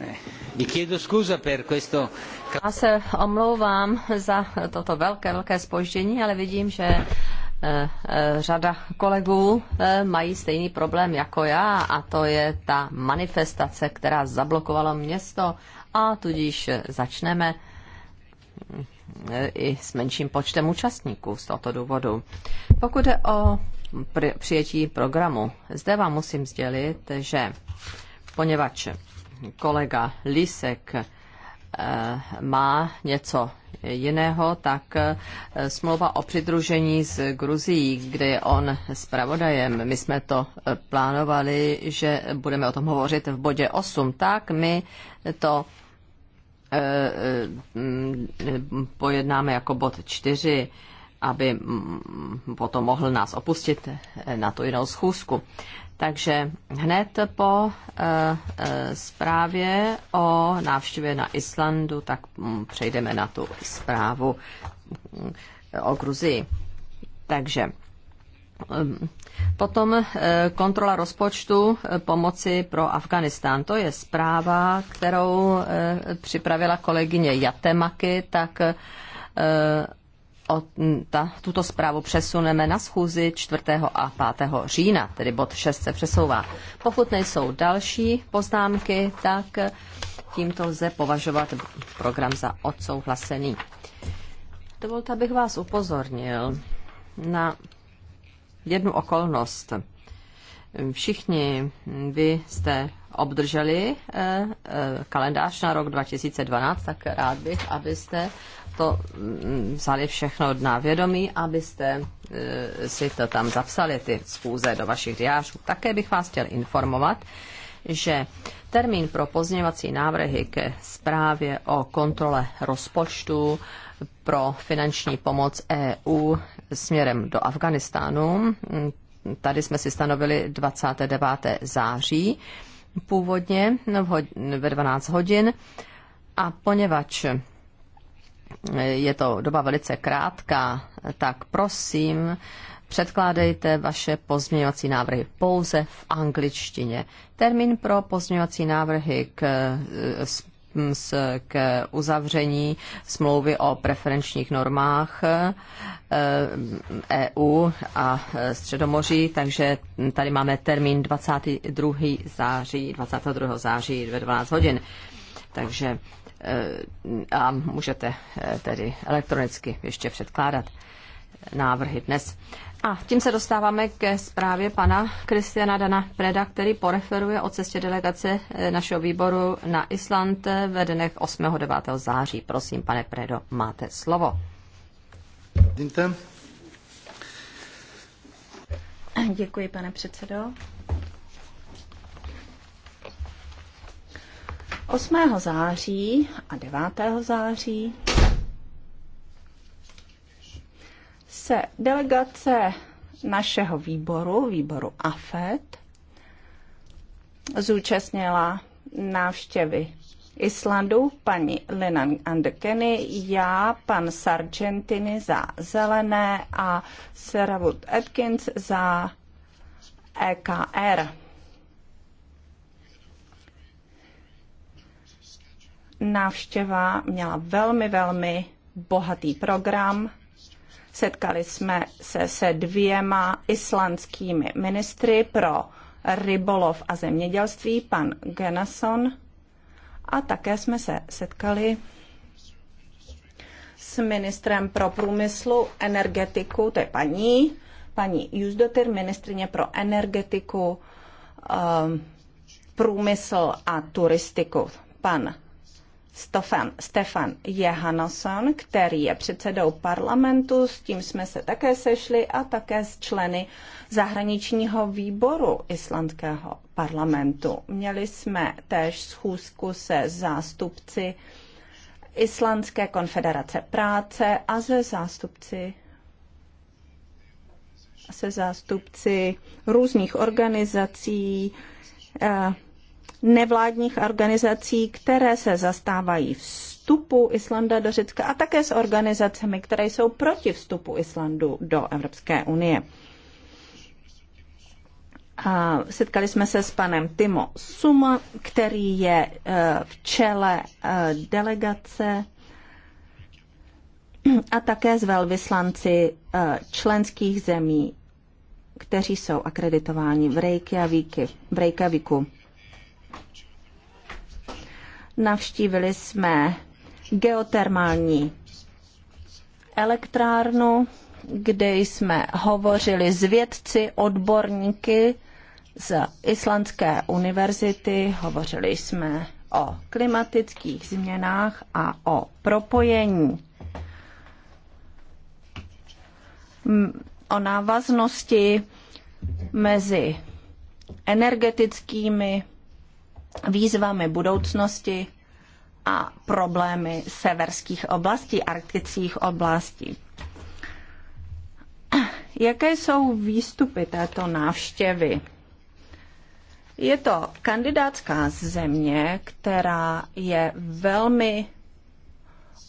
Eh, já se omlouvám za toto velké, velké spoždění, ale vidím, že eh, eh, řada kolegů mají stejný problém jako já a to je ta manifestace, která zablokovala město a tudíž začneme i s menším počtem účastníků z tohoto důvodu. Pokud je o přijetí programu, zde vám musím sdělit, že poněvadž kolega Lisek eh, má něco jiného, tak eh, smlouva o přidružení s Gruzií, kde je on zpravodajem, my jsme to eh, plánovali, že budeme o tom hovořit v bodě 8, tak my to pojednáme jako bod 4, aby mm, potom mohl nás opustit na tu jinou schůzku. Takže hned po eh, eh, zprávě o návštěvě na Islandu, tak mm, přejdeme na tu zprávu mm, o Gruzii. Takže mm, Potom eh, kontrola rozpočtu pomoci pro Afganistán. To je zpráva, kterou připravila kolegyně Jatemaky, tak o, ta, tuto zprávu přesuneme na schůzi 4. a 5. října, tedy bod 6 se přesouvá. Pokud nejsou další poznámky, tak tímto lze považovat program za odsouhlasený. Dovolte, abych vás upozornil na jednu okolnost. Všichni vy jste obdrželi eh, eh, kalendář na rok 2012, tak rád bych, abyste to mm, vzali všechno na vědomí, abyste e, si to tam zapsali, ty schůze do vašich diářů. Také bych vás chtěl informovat, že termín pro pozněvací návrhy ke zprávě o kontrole rozpočtu pro finanční pomoc EU směrem do Afganistánu, mm, tady jsme si stanovili 29. září původně ve 12 hodin. A poněvadž je to doba velice krátká, tak prosím, předkládejte vaše pozměňovací návrhy pouze v angličtině. Termín pro pozměňovací návrhy k, k uzavření smlouvy o preferenčních normách eh, EU a Středomoří, takže tady máme termín 22. září, 22. září ve 12 hodin. Takže Eh, a můžete eh, tedy elektronicky ještě předkládat návrhy dnes. A tím se dostáváme ke zprávě pana Kristiana Dana Preda, který poreferuje o cestě delegace eh, našeho výboru na Island ve dnech 8. 9. září. Prosím, pane Predo, máte slovo. Děkuji, pane předsedo. 8. září a 9. září se delegace našeho výboru, výboru AFET, zúčastnila návštěvy Islandu paní Linan Andekeny, já, pan Sargentini za zelené a Seravut Atkins za EKR. návštěva měla velmi, velmi bohatý program. Setkali jsme se se dvěma islandskými ministry pro rybolov a zemědělství, pan Genason, a také jsme se setkali s ministrem pro průmyslu, energetiku, to je paní, paní Jusdotyr, ministrině pro energetiku, ehm, průmysl a turistiku, pan Stefan, Stefan Jehanason, který je předsedou parlamentu, s tím jsme se také sešli a také s členy zahraničního výboru islandského parlamentu. Měli jsme též schůzku se zástupci Islandské konfederace práce a se zástupci se zástupci různých organizací, eh, nevládních organizací, které se zastávají vstupu Islanda do Řecka a také s organizacemi, které jsou proti vstupu Islandu do Evropské unie. A setkali jsme se s panem Timo Suma, který je eh, v čele eh, delegace a také s velvyslanci eh, členských zemí, kteří jsou akreditováni v Reykjavíku. V Reykjavíku. Navštívili jsme geotermální elektrárnu, kde jsme hovořili s vědci, odborníky z Islandské univerzity, hovořili jsme o klimatických změnách a o propojení o návaznosti mezi energetickými výzvami budoucnosti a problémy severských oblastí, arktických oblastí. Jaké jsou výstupy této návštěvy? Je to kandidátská země, která je velmi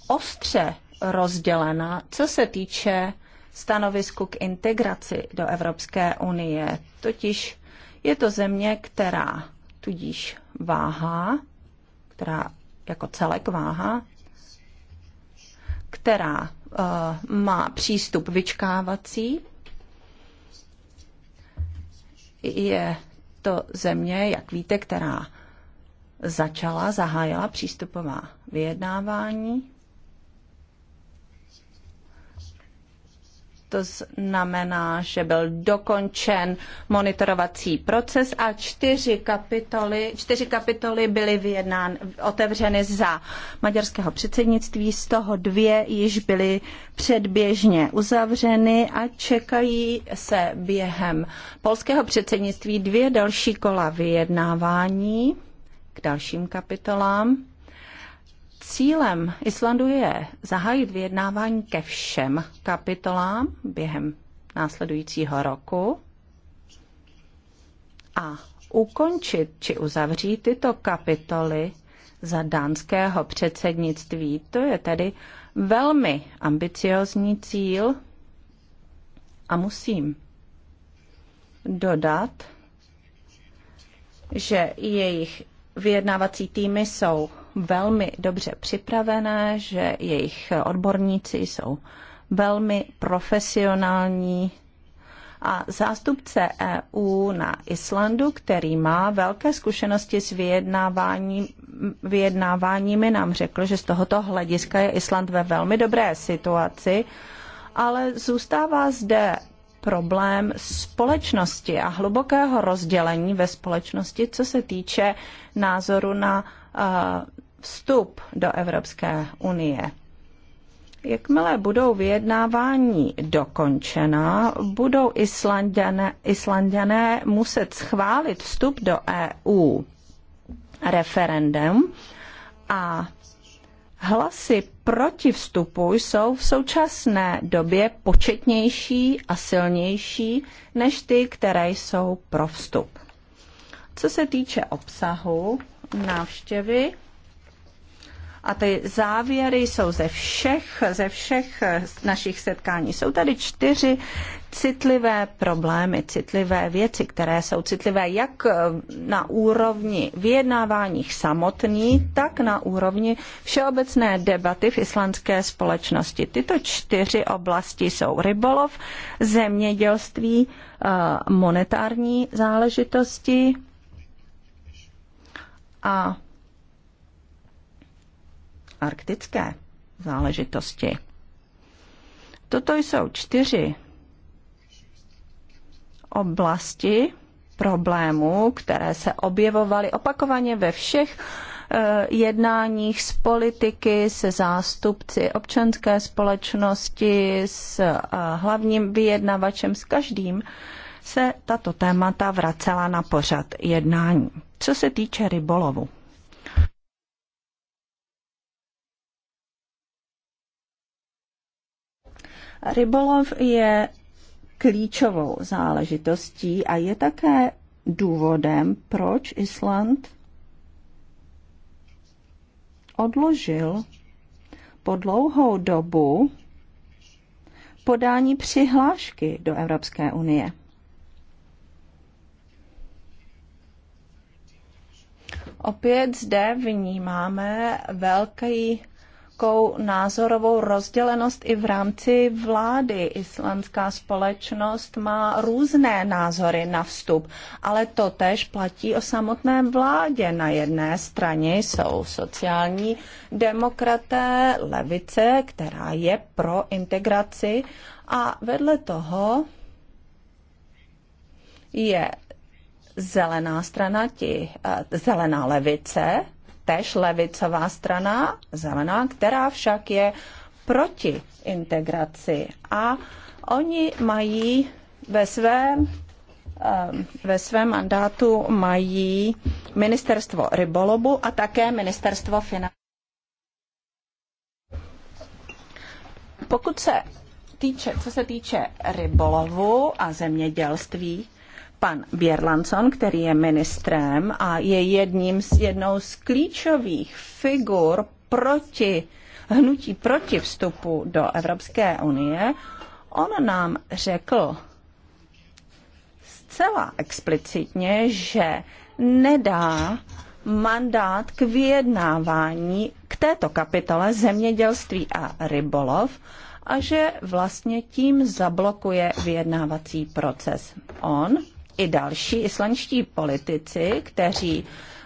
ostře rozdělena, co se týče stanovisku k integraci do Evropské unie. Totiž je to země, která tudíž váha, která jako celek váha, která uh, má přístup vyčkávací, je to země, jak víte, která začala, zahájila přístupová vyjednávání To znamená, že byl dokončen monitorovací proces a čtyři kapitoly, čtyři kapitoly byly vyjednán, otevřeny za maďarského předsednictví, z toho dvě již byly předběžně uzavřeny a čekají se během polského předsednictví dvě další kola vyjednávání k dalším kapitolám Cílem Islandu je zahájit vyjednávání ke všem kapitolám během následujícího roku a ukončit či uzavřít tyto kapitoly za dánského předsednictví. To je tedy velmi ambiciozní cíl a musím dodat, že jejich vyjednávací týmy jsou velmi dobře připravené, že jejich odborníci jsou velmi profesionální. A zástupce EU na Islandu, který má velké zkušenosti s vyjednáváním, vyjednáváními, nám řekl, že z tohoto hlediska je Island ve velmi dobré situaci, ale zůstává zde problém společnosti a hlubokého rozdělení ve společnosti, co se týče názoru na eh, vstup do Evropské unie. Jakmile budou vyjednávání dokončena, budou Islandané muset schválit vstup do EU referendem a hlasy proti vstupu jsou v současné době početnější a silnější než ty, které jsou pro vstup. Co se týče obsahu návštěvy, a ty závěry jsou ze všech, ze všech našich setkání. Jsou tady čtyři citlivé problémy, citlivé věci, které jsou citlivé jak na úrovni vyjednávání samotný, tak na úrovni všeobecné debaty v islandské společnosti. Tyto čtyři oblasti jsou rybolov, zemědělství, eh, monetární záležitosti a arktické záležitosti. Toto jsou čtyři oblasti problémů, které se objevovaly opakovaně ve všech eh, jednáních s politiky, se zástupci občanské společnosti, s eh, hlavním vyjednavačem, s každým, se tato témata vracela na pořad jednání. Co se týče rybolovu. Rybolov je klíčovou záležitostí a je také důvodem, proč Island odložil po dlouhou dobu podání přihlášky do Evropské unie. Opět zde vnímáme velký velkou názorovou rozdělenost i v rámci vlády. Islandská společnost má různé názory na vstup, ale to tež platí o samotné vládě. Na jedné straně jsou sociální demokraté, levice, která je pro integraci a vedle toho je zelená strana, ti eh, zelená levice, tež levicová strana, zelená, která však je proti integraci. A oni mají ve svém ehm, ve svém mandátu mají ministerstvo rybolobu a také ministerstvo financí. Pokud se týče, co se týče rybolovu a zemědělství, pan Bierlanson, který je ministrem a je jedním z, jednou z klíčových figur proti hnutí proti vstupu do Evropské unie, on nám řekl zcela explicitně, že nedá mandát k vyjednávání k této kapitole zemědělství a rybolov a že vlastně tím zablokuje vyjednávací proces. On i další islandští politici, kteří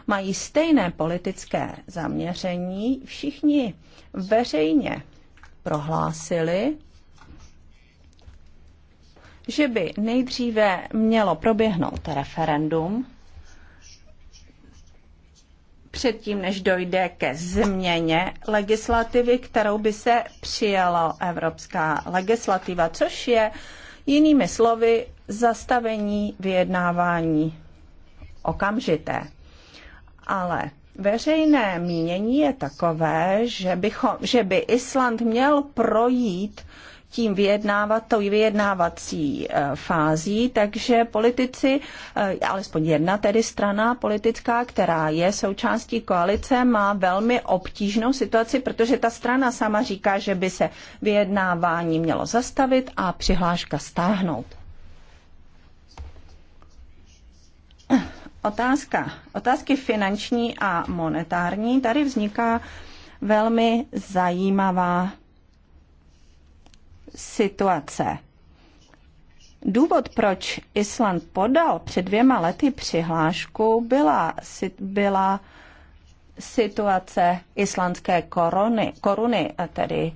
mají stejné politické zaměření, všichni veřejně prohlásili, že by nejdříve mělo proběhnout referendum, předtím, než dojde ke změně legislativy, kterou by se přijala evropská legislativa, což je uh, Jinými slovy, zastavení vyjednávání okamžité. Ale veřejné mínění je takové, že, bychom, že by Island měl projít tím vyjednávat, tou vyjednávací eh, fází, takže politici, eh, alespoň jedna tedy strana politická, která je součástí koalice, má velmi obtížnou situaci, protože ta strana sama říká, že by se vyjednávání mělo zastavit a přihláška stáhnout. Otázka. Otázky finanční a monetární. Tady vzniká velmi zajímavá situace. Důvod, proč Island podal před dvěma lety přihlášku, byla, byla situace islandské korony, koruny a tedy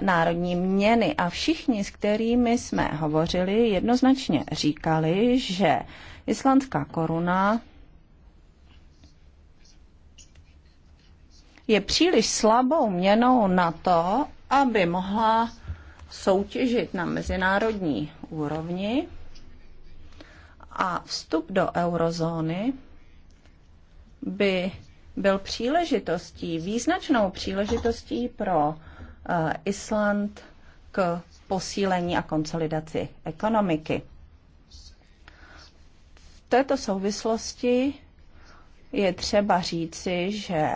národní měny a všichni, s kterými jsme hovořili, jednoznačně říkali, že islandská koruna je příliš slabou měnou na to, aby mohla soutěžit na mezinárodní úrovni a vstup do eurozóny by byl příležitostí, význačnou příležitostí pro eh, Island k posílení a konsolidaci ekonomiky. V této souvislosti je třeba říci, že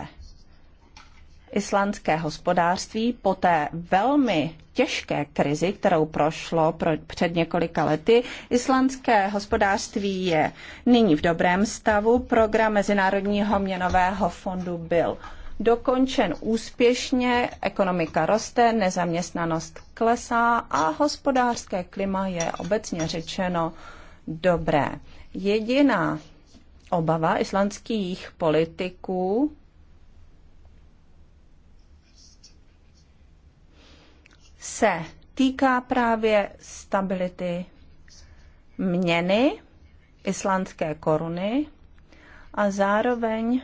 islandské hospodářství po té velmi těžké krizi, kterou prošlo pro, před několika lety. Islandské hospodářství je nyní v dobrém stavu. Program Mezinárodního měnového fondu byl dokončen úspěšně, ekonomika roste, nezaměstnanost klesá a hospodářské klima je obecně řečeno dobré. Jediná obava islandských politiků se týká právě stability měny islandské koruny a zároveň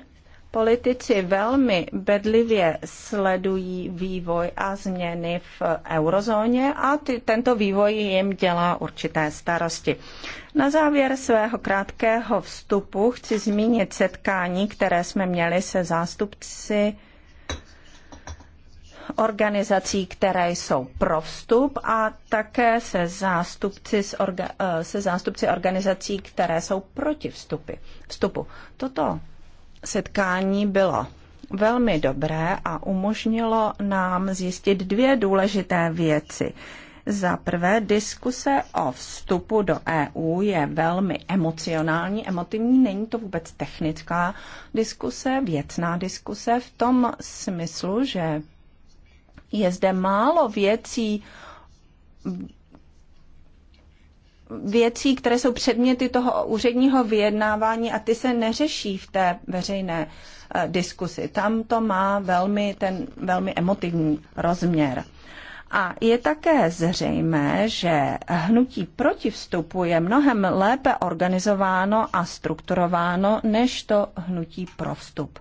politici velmi bedlivě sledují vývoj a změny v eurozóně a ty, tento vývoj jim dělá určité starosti. Na závěr svého krátkého vstupu chci zmínit setkání, které jsme měli se zástupci organizací, které jsou pro vstup a také se zástupci, eh, se zástupci organizací, které jsou proti vstupy, vstupu. Toto setkání bylo velmi dobré a umožnilo nám zjistit dvě důležité věci. Za prvé, diskuse o vstupu do EU je velmi emocionální, emotivní, není to vůbec technická diskuse, věcná diskuse v tom smyslu, že je zde málo věcí, věcí, které jsou předměty toho úředního vyjednávání a ty se neřeší v té veřejné eh, diskusi. Tam to má velmi, ten velmi emotivní rozměr. A je také zřejmé, že hnutí proti vstupu je mnohem lépe organizováno a strukturováno než to hnutí pro vstup.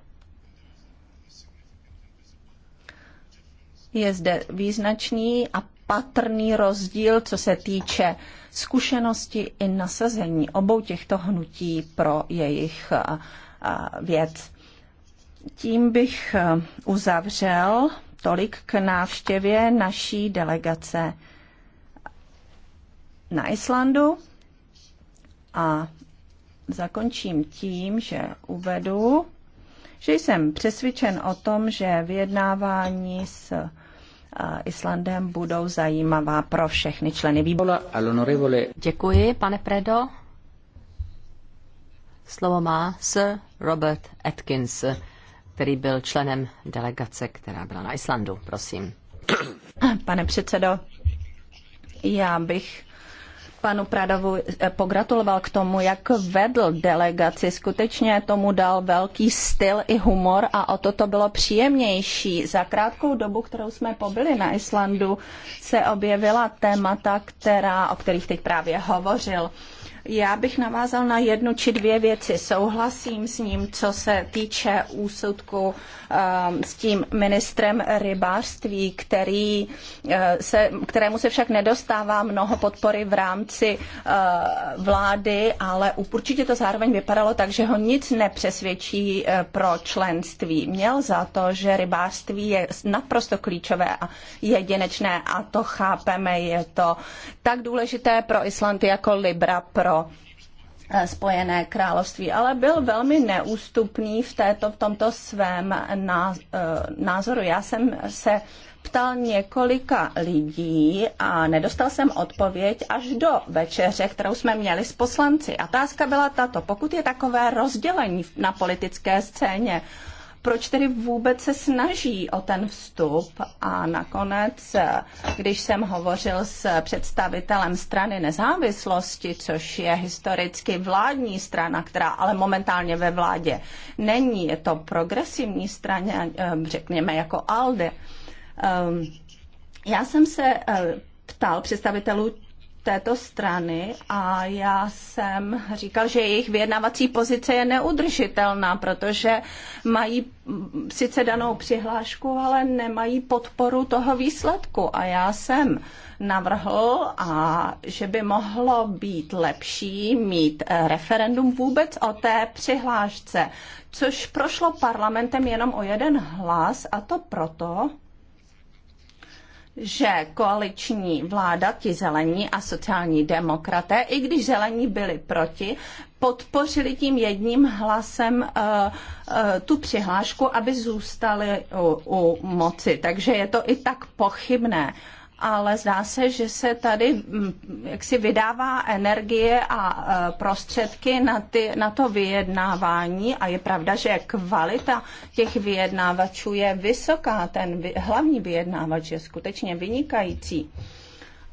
Je zde význačný a patrný rozdíl, co se týče zkušenosti i nasazení obou těchto hnutí pro jejich věc. Tím bych uzavřel tolik k návštěvě naší delegace na Islandu a zakončím tím, že uvedu, že jsem přesvědčen o tom, že vyjednávání s Islandem budou zajímavá pro všechny členy výboru. Děkuji, pane Predo. Slovo má Sir Robert Atkins, který byl členem delegace, která byla na Islandu. Prosím. Pane předsedo, já bych panu Pradovu eh, pogratuloval k tomu, jak vedl delegaci. Skutečně tomu dal velký styl i humor a o to to bylo příjemnější. Za krátkou dobu, kterou jsme pobyli na Islandu, se objevila témata, která, o kterých teď právě hovořil. Já bych navázal na jednu či dvě věci. Souhlasím s ním, co se týče úsudku ehm, s tím ministrem rybářství, který eh, se, kterému se však nedostává mnoho podpory v rámci eh, vlády, ale určitě to zároveň vypadalo tak, že ho nic nepřesvědčí eh, pro členství. Měl za to, že rybářství je naprosto klíčové a jedinečné a to chápeme, je to tak důležité pro Island jako Libra pro Eh, Spojené království, ale byl velmi neústupný v, této, v tomto svém eh, názoru. Já jsem se ptal několika lidí a nedostal jsem odpověď až do večeře, kterou jsme měli s poslanci. A otázka byla tato, pokud je takové rozdělení na politické scéně, proč tedy vůbec se snaží o ten vstup. A nakonec, když jsem hovořil s představitelem strany nezávislosti, což je historicky vládní strana, která ale momentálně ve vládě není, je to progresivní strana, eh, řekněme jako ALDE, ehm, já jsem se eh, ptal představitelů této strany a já jsem říkal, že jejich vyjednávací pozice je neudržitelná, protože mají sice danou přihlášku, ale nemají podporu toho výsledku. A já jsem navrhl, a že by mohlo být lepší mít referendum vůbec o té přihlášce, což prošlo parlamentem jenom o jeden hlas, a to proto, že koaliční vláda, ti zelení a sociální demokraté, i když zelení byli proti, podpořili tím jedním hlasem eh, eh, tu přihlášku, aby zůstali u, u moci. Takže je to i tak pochybné ale zdá se, že se tady mm, jak si vydává energie a e, prostředky na, ty, na to vyjednávání a je pravda, že kvalita těch vyjednávačů je vysoká, ten vy, hlavní vyjednávač je skutečně vynikající.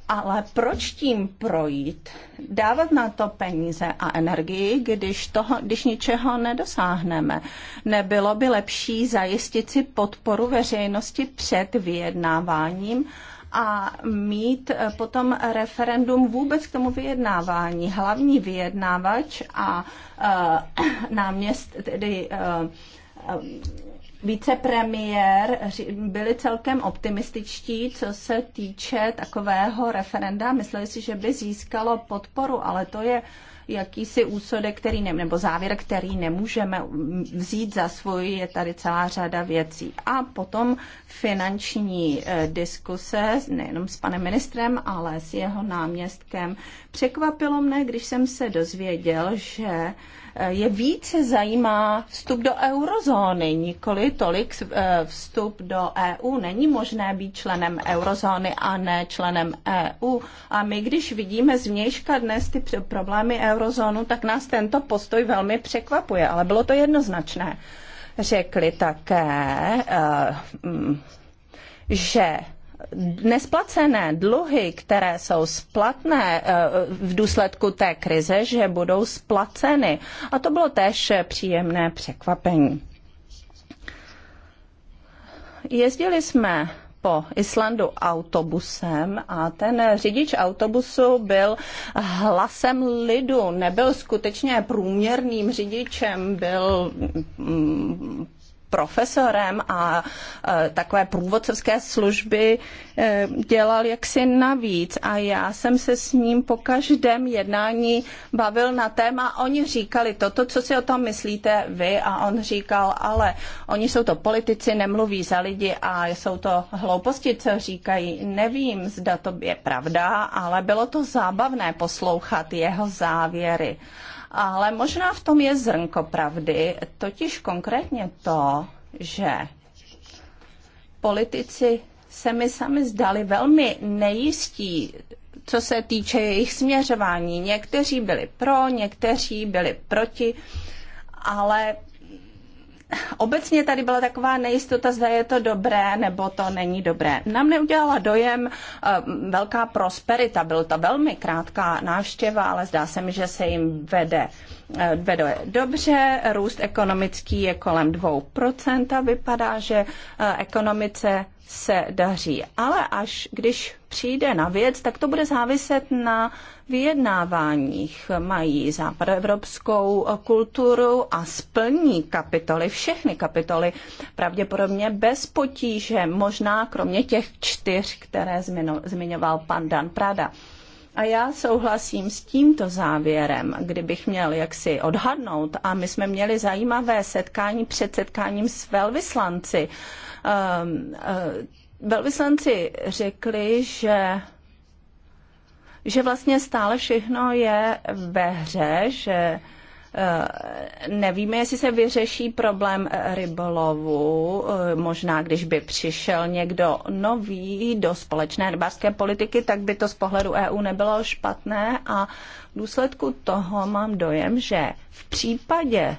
Ale proč tím projít, dávat na to peníze a energii, když, toho, když ničeho nedosáhneme? Nebylo by lepší zajistit si podporu veřejnosti před vyjednáváním a mít eh, potom referendum vůbec k tomu vyjednávání. Hlavní vyjednávač a eh, náměst, tedy eh, vicepremiér byli celkem optimističtí, co se týče takového referenda. Mysleli si, že by získalo podporu, ale to je uh, jakýsi úsudek, který ne, nebo závěr, který nemůžeme vzít za svůj, je tady celá řada věcí. A potom finanční eh, diskuse, nejenom s panem ministrem, ale s jeho náměstkem. Překvapilo mne, když jsem se dozvěděl, že je více zajímá vstup do eurozóny, nikoli tolik eh, vstup do EU. Není možné být členem eurozóny a ne členem EU. A my, když vidíme zvnějška dnes ty problémy eurozónu, tak nás tento postoj velmi překvapuje, ale bylo to jednoznačné. Řekli také, eh, že nesplacené dluhy, které jsou splatné eh, v důsledku té krize, že budou splaceny. A to bylo též příjemné překvapení. Jezdili jsme po Islandu autobusem a ten řidič autobusu byl hlasem lidu, nebyl skutečně průměrným řidičem, byl mm, profesorem a takové průvodcovské služby e, dělal jaksi navíc a já jsem se s ním po každém jednání bavil na téma. Oni říkali toto, co si o tom myslíte vy a on říkal, ale oni jsou to politici, nemluví za lidi a jsou to hlouposti, co říkají. Nevím, zda to je pravda, ale bylo to zábavné poslouchat jeho závěry ale možná v tom je zrnko pravdy, totiž konkrétně to, že politici se mi sami zdali velmi nejistí, co se týče jejich směřování. Někteří byli pro, někteří byli proti, ale obecně tady byla taková nejistota, zda je to dobré nebo to není dobré. Nám neudělala dojem eh, velká prosperita, byla to velmi krátká návštěva, ale zdá se mi, že se jim vede eh, vedou dobře, růst ekonomický je kolem 2%, vypadá, že eh, ekonomice se daří. Ale až když přijde na věc, tak to bude záviset na vyjednáváních. Mají západoevropskou kulturu a splní kapitoly, všechny kapitoly, pravděpodobně bez potíže, možná kromě těch čtyř, které zmiňoval pan Dan Prada. A já souhlasím s tímto závěrem, kdybych měl jaksi odhadnout, a my jsme měli zajímavé setkání před setkáním s velvyslanci. Um, uh, velvyslanci řekli, že že vlastně stále všechno je ve hře, že Eh, nevíme, jestli se vyřeší problém rybolovu. Eh, možná, když by přišel někdo nový do společné rybářské politiky, tak by to z pohledu EU nebylo špatné a v důsledku toho mám dojem, že v případě,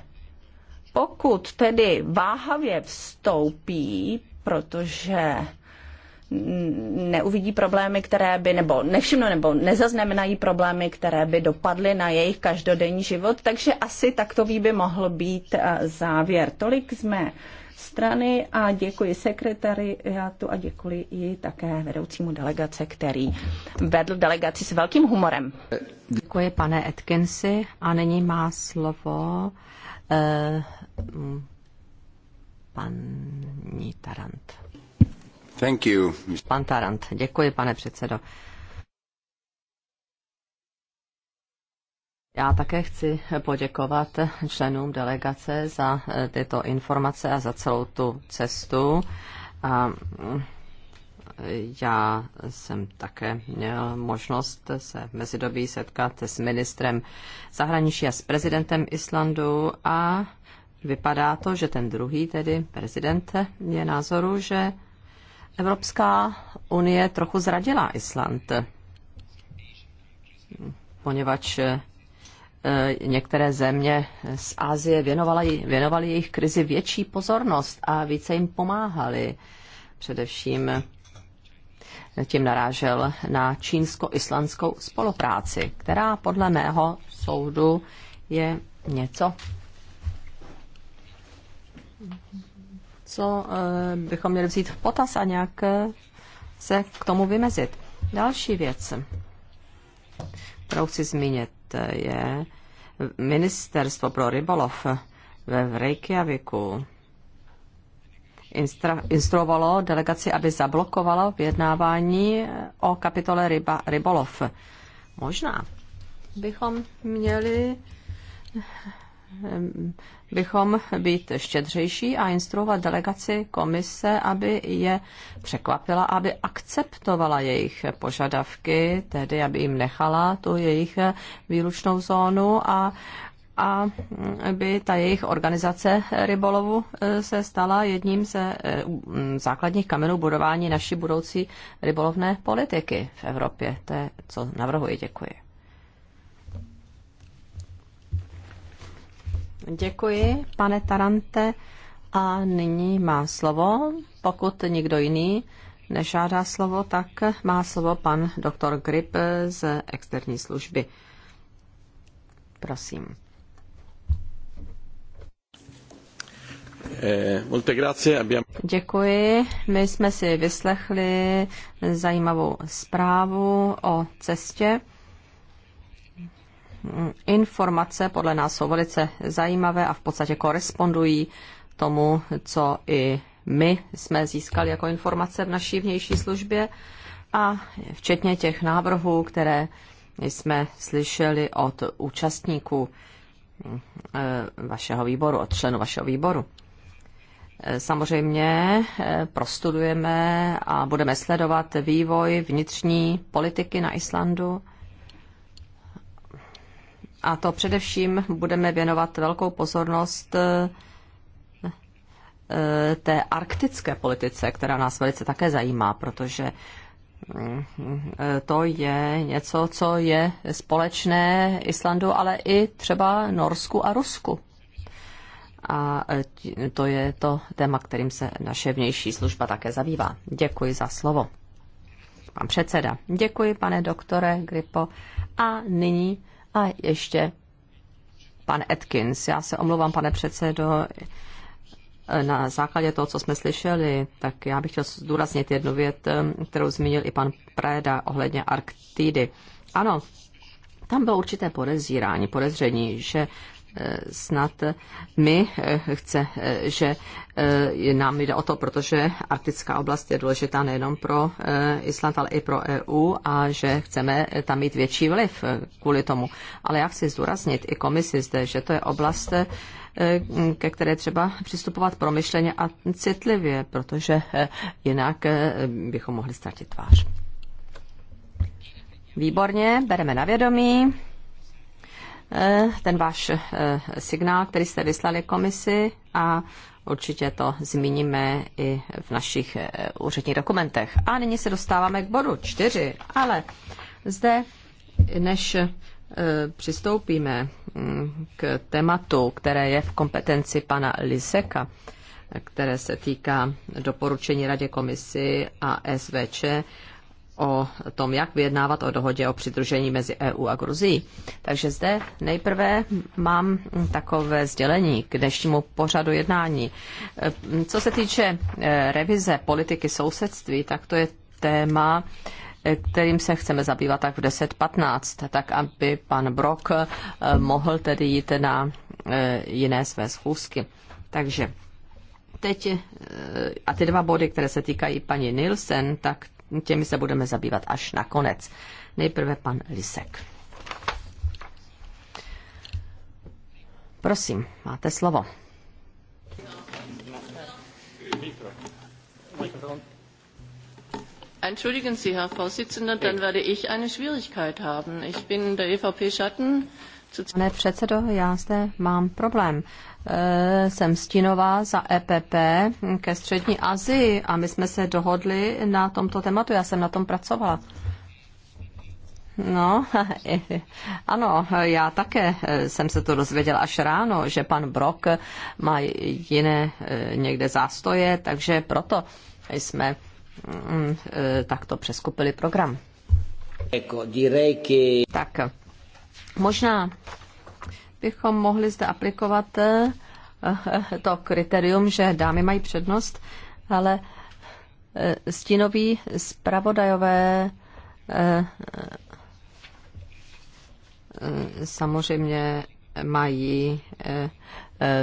pokud tedy váhavě vstoupí, protože neuvidí problémy, které by, nebo nevšimnou, nebo nezaznamenají problémy, které by dopadly na jejich každodenní život. Takže asi takový by mohl být eh, závěr. Tolik z mé strany a děkuji sekretariátu a děkuji i také vedoucímu delegace, který vedl delegaci s velkým humorem. Děkuji pane Atkinsi a nyní má slovo uh, paní Tarant. Thank you. Pan Tarant, děkuji, pane předsedo. Já také chci poděkovat členům delegace za eh, tyto informace a za celou tu cestu. A mm, já jsem také měl možnost se v mezidobí setkat s ministrem zahraničí a s prezidentem Islandu a vypadá to, že ten druhý, tedy prezident, je názoru, že Evropská unie trochu zradila Island, poněvadž eh, některé země z Asie věnovaly, věnovaly jejich krizi větší pozornost a více jim pomáhali. Především eh, tím narážel na čínsko-islandskou spolupráci, která podle mého soudu je něco, co eh, bychom měli vzít v potaz a nějak eh, se k tomu vymezit. Další věc, kterou chci zmínit, eh, je Ministerstvo pro rybolov ve Reykjaviku instruovalo delegaci, aby zablokovalo vyjednávání o kapitole ryba, rybolov. Možná bychom měli bychom být štědřejší a instruovat delegaci komise, aby je překvapila, aby akceptovala jejich požadavky, tedy aby jim nechala tu jejich výlučnou zónu a a by ta jejich organizace rybolovu e, se stala jedním ze e, základních kamenů budování naší budoucí rybolovné politiky v Evropě. To je, co navrhuji. Děkuji. Děkuji, pane Tarante. A nyní má slovo, pokud někdo jiný nežádá slovo, tak má slovo pan doktor Grip z externí služby. Prosím. Eh, Děkuji. My jsme si vyslechli zajímavou zprávu o cestě informace podle nás jsou velice zajímavé a v podstatě korespondují tomu, co i my jsme získali jako informace v naší vnější službě a včetně těch návrhů, které jsme slyšeli od účastníků eh, vašeho výboru, od členů vašeho výboru. Eh, samozřejmě eh, prostudujeme a budeme sledovat vývoj vnitřní politiky na Islandu a to především budeme věnovat velkou pozornost eh, eh, té arktické politice, která nás velice také zajímá, protože mm, eh, to je něco, co je společné Islandu, ale i třeba Norsku a Rusku. A to je to téma, kterým se naše vnější služba také zabývá. Děkuji za slovo. Pan předseda. Děkuji, pane doktore Gripo. A nyní a ještě pan Atkins. Já se omlouvám, pane předsedo. Na základě toho, co jsme slyšeli, tak já bych chtěl zdůraznit jednu věc, kterou zmínil i pan Preda ohledně Arktidy. Ano, tam bylo určité podezírání, podezření, že snad my eh, chce, eh, že eh, nám jde o to, protože arktická oblast je důležitá nejenom pro Island, ale i pro EU a že chceme tam mít větší vliv kvůli tomu. Ale já chci zdůraznit i komisi zde, že to je oblast, ke které třeba přistupovat promyšleně a citlivě, protože jinak bychom mohli ztratit tvář. Výborně, bereme na vědomí. Eh, ten váš eh, signál, který jste vyslali komisi a určitě to zmíníme i v našich eh, úředních dokumentech. A nyní se dostáváme k bodu čtyři, ale zde, než přistoupíme hm, k tématu, které je v kompetenci pana Liseka, které se týká doporučení Radě komisi a SVČ o tom, jak vyjednávat o dohodě o přidružení mezi EU a Gruzií. Takže zde nejprve mám takové sdělení k dnešnímu pořadu jednání. Co se týče eh, revize politiky sousedství, tak to je téma, eh, kterým se chceme zabývat tak v 10.15, tak aby pan Brok eh, mohl tedy jít na jiné své schůzky. Takže teď a ty dva body, které se týkají paní Nielsen, tak těmi se budeme zabývat až na konec. Nejprve pan Lisek. Prosím, máte slovo. Entschuldigen Sie, Herr Vorsitzender, dann werde ich eine Schwierigkeit haben. Ich bin der EVP-Schatten. Pane předsedo, já zde mám problém. Eh, jsem Stínová za EPP ke Střední Asii a my jsme se dohodli na tomto tématu. Já jsem na tom pracovala. No, ano, já také eh, jsem se to dozvěděla až ráno, že pan Brok má jiné eh, někde zástoje, takže proto jsme mm, takto přeskupili program. Tak možná bychom mohli zde aplikovat eh, eh, to kritérium, že dámy mají přednost, ale eh, stínoví zpravodajové samozřejmě mají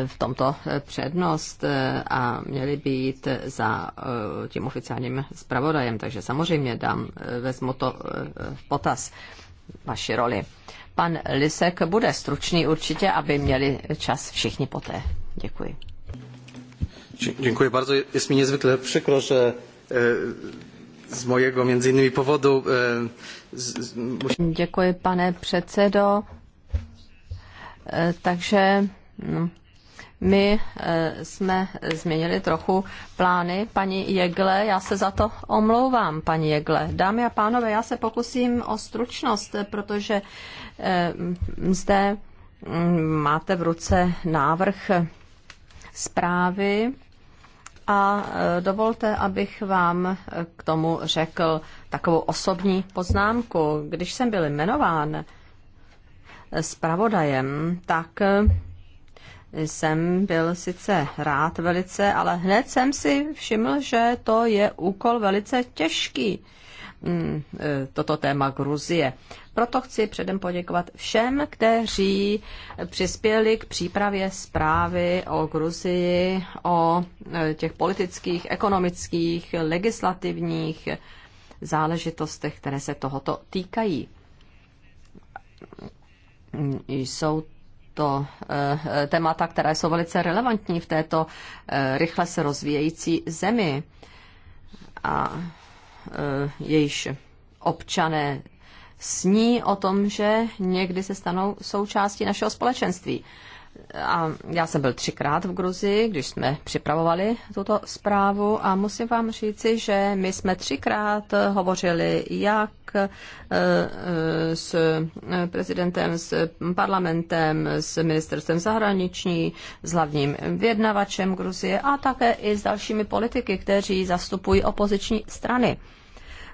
v tomto přednost a měli být za tím oficiálním zpravodajem, takže samozřejmě dám, vezmu to v potaz vaši roli. Pan Lisek bude stručný určitě, aby měli čas všichni poté. Děkuji. Děkuji bardzo. Jest mi niezwykle przykro, že e, z mojego między innymi powodu... E, Děkuji, pane předsedo. Takže mm, my eh, jsme změnili trochu plány. Paní Jegle, já se za to omlouvám, paní Jegle. Dámy a pánové, já se pokusím o stručnost, eh, protože eh, zde mm, máte v ruce návrh zprávy a dovolte, abych vám k tomu řekl takovou osobní poznámku. Když jsem byl jmenován zpravodajem, tak jsem byl sice rád velice, ale hned jsem si všiml, že to je úkol velice těžký, mm, e, toto téma Gruzie. Proto chci předem poděkovat všem, kteří přispěli k přípravě zprávy o Gruzii, o e, těch politických, ekonomických, legislativních záležitostech, které se tohoto týkají. Mm, jsou to eh, témata, které jsou velice relevantní v této eh, rychle se rozvíjející zemi a eh, jejíž občané sní o tom, že někdy se stanou součástí našeho společenství a já jsem byl třikrát v Gruzii, když jsme připravovali tuto zprávu a musím vám říci, že my jsme třikrát hovořili jak eh, eh, s eh, prezidentem, s parlamentem, s ministerstvem zahraniční, s hlavním vyjednavačem Gruzie a také i s dalšími politiky, kteří zastupují opoziční strany,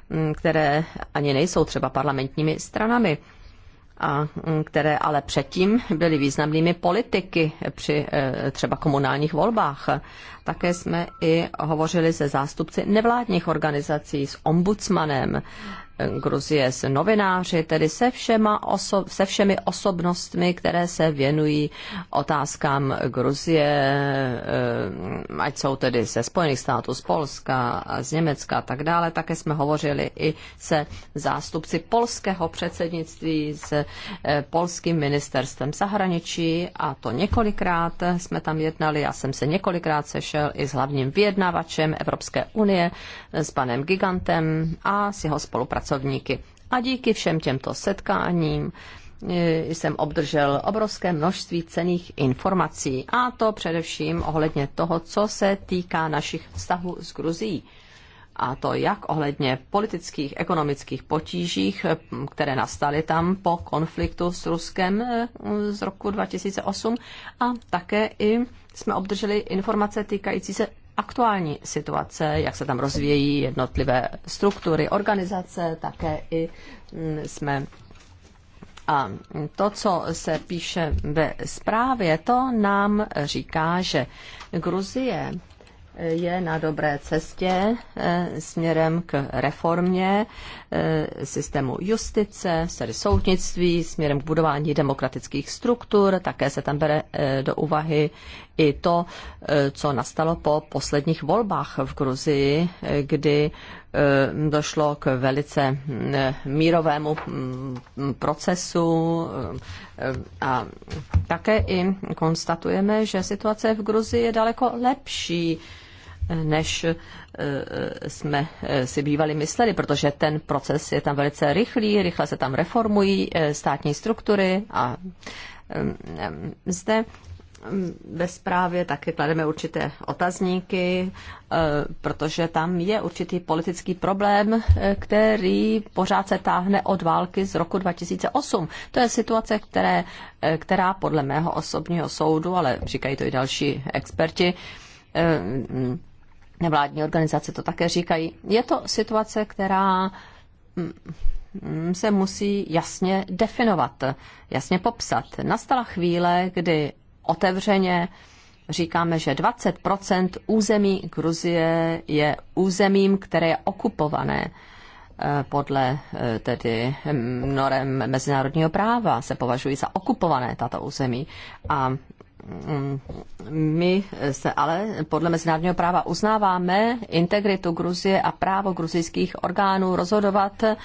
mm, které ani nejsou třeba parlamentními stranami a mm, které ale předtím byly významnými politiky při e, třeba komunálních volbách. Také jsme i hovořili se zástupci nevládních organizací, s ombudsmanem Gruzie s novináři, tedy se, všema oso- se všemi osobnostmi, které se věnují otázkám Gruzie, eh, ať jsou tedy ze Spojených států, z Polska, z Německa a tak dále. Také jsme hovořili i se zástupci polského předsednictví, s eh, polským ministerstvem zahraničí a to několikrát jsme tam jednali. Já jsem se několikrát sešel i s hlavním vyjednavačem Evropské unie, s panem Gigantem a s jeho spolupracovníkem pracovníky. A díky všem těmto setkáním e, jsem obdržel obrovské množství cených informací, a to především ohledně toho, co se týká našich vztahů s Gruzií. A to jak ohledně politických, ekonomických potížích, e, které nastaly tam po konfliktu s Ruskem e, z roku 2008, a také i jsme obdrželi informace týkající se aktuální situace, jak se tam rozvíjí jednotlivé struktury, organizace, také i mm, jsme a to, co se píše ve zprávě, to nám říká, že Gruzie je na dobré cestě eh, směrem k reformě eh, systému justice, tedy soudnictví, směrem k budování demokratických struktur. Také se tam bere eh, do úvahy i to, e, co nastalo po posledních volbách v Gruzii, e, kdy e, došlo k velice mírovému procesu a také i konstatujeme, že situace v Gruzii je daleko lepší než jsme si bývali mysleli, protože ten proces je tam velice rychlý, rychle se tam reformují státní struktury a zde Mm, ve zprávě také klademe určité otazníky, eh, protože tam je určitý politický problém, eh, který pořád se táhne od války z roku 2008. To je situace, které, eh, která podle mého osobního soudu, ale říkají to i další experti, nevládní organizace to také říkají, je to situace, která mm, mm, se musí jasně definovat, jasně popsat. Nastala chvíle, kdy otevřeně říkáme, že 20 území Gruzie je územím, které je okupované eh, podle eh, tedy hm, norem mezinárodního práva se považují za okupované tato území. A hm, my se ale podle mezinárodního práva uznáváme integritu Gruzie a právo gruzijských orgánů rozhodovat eh,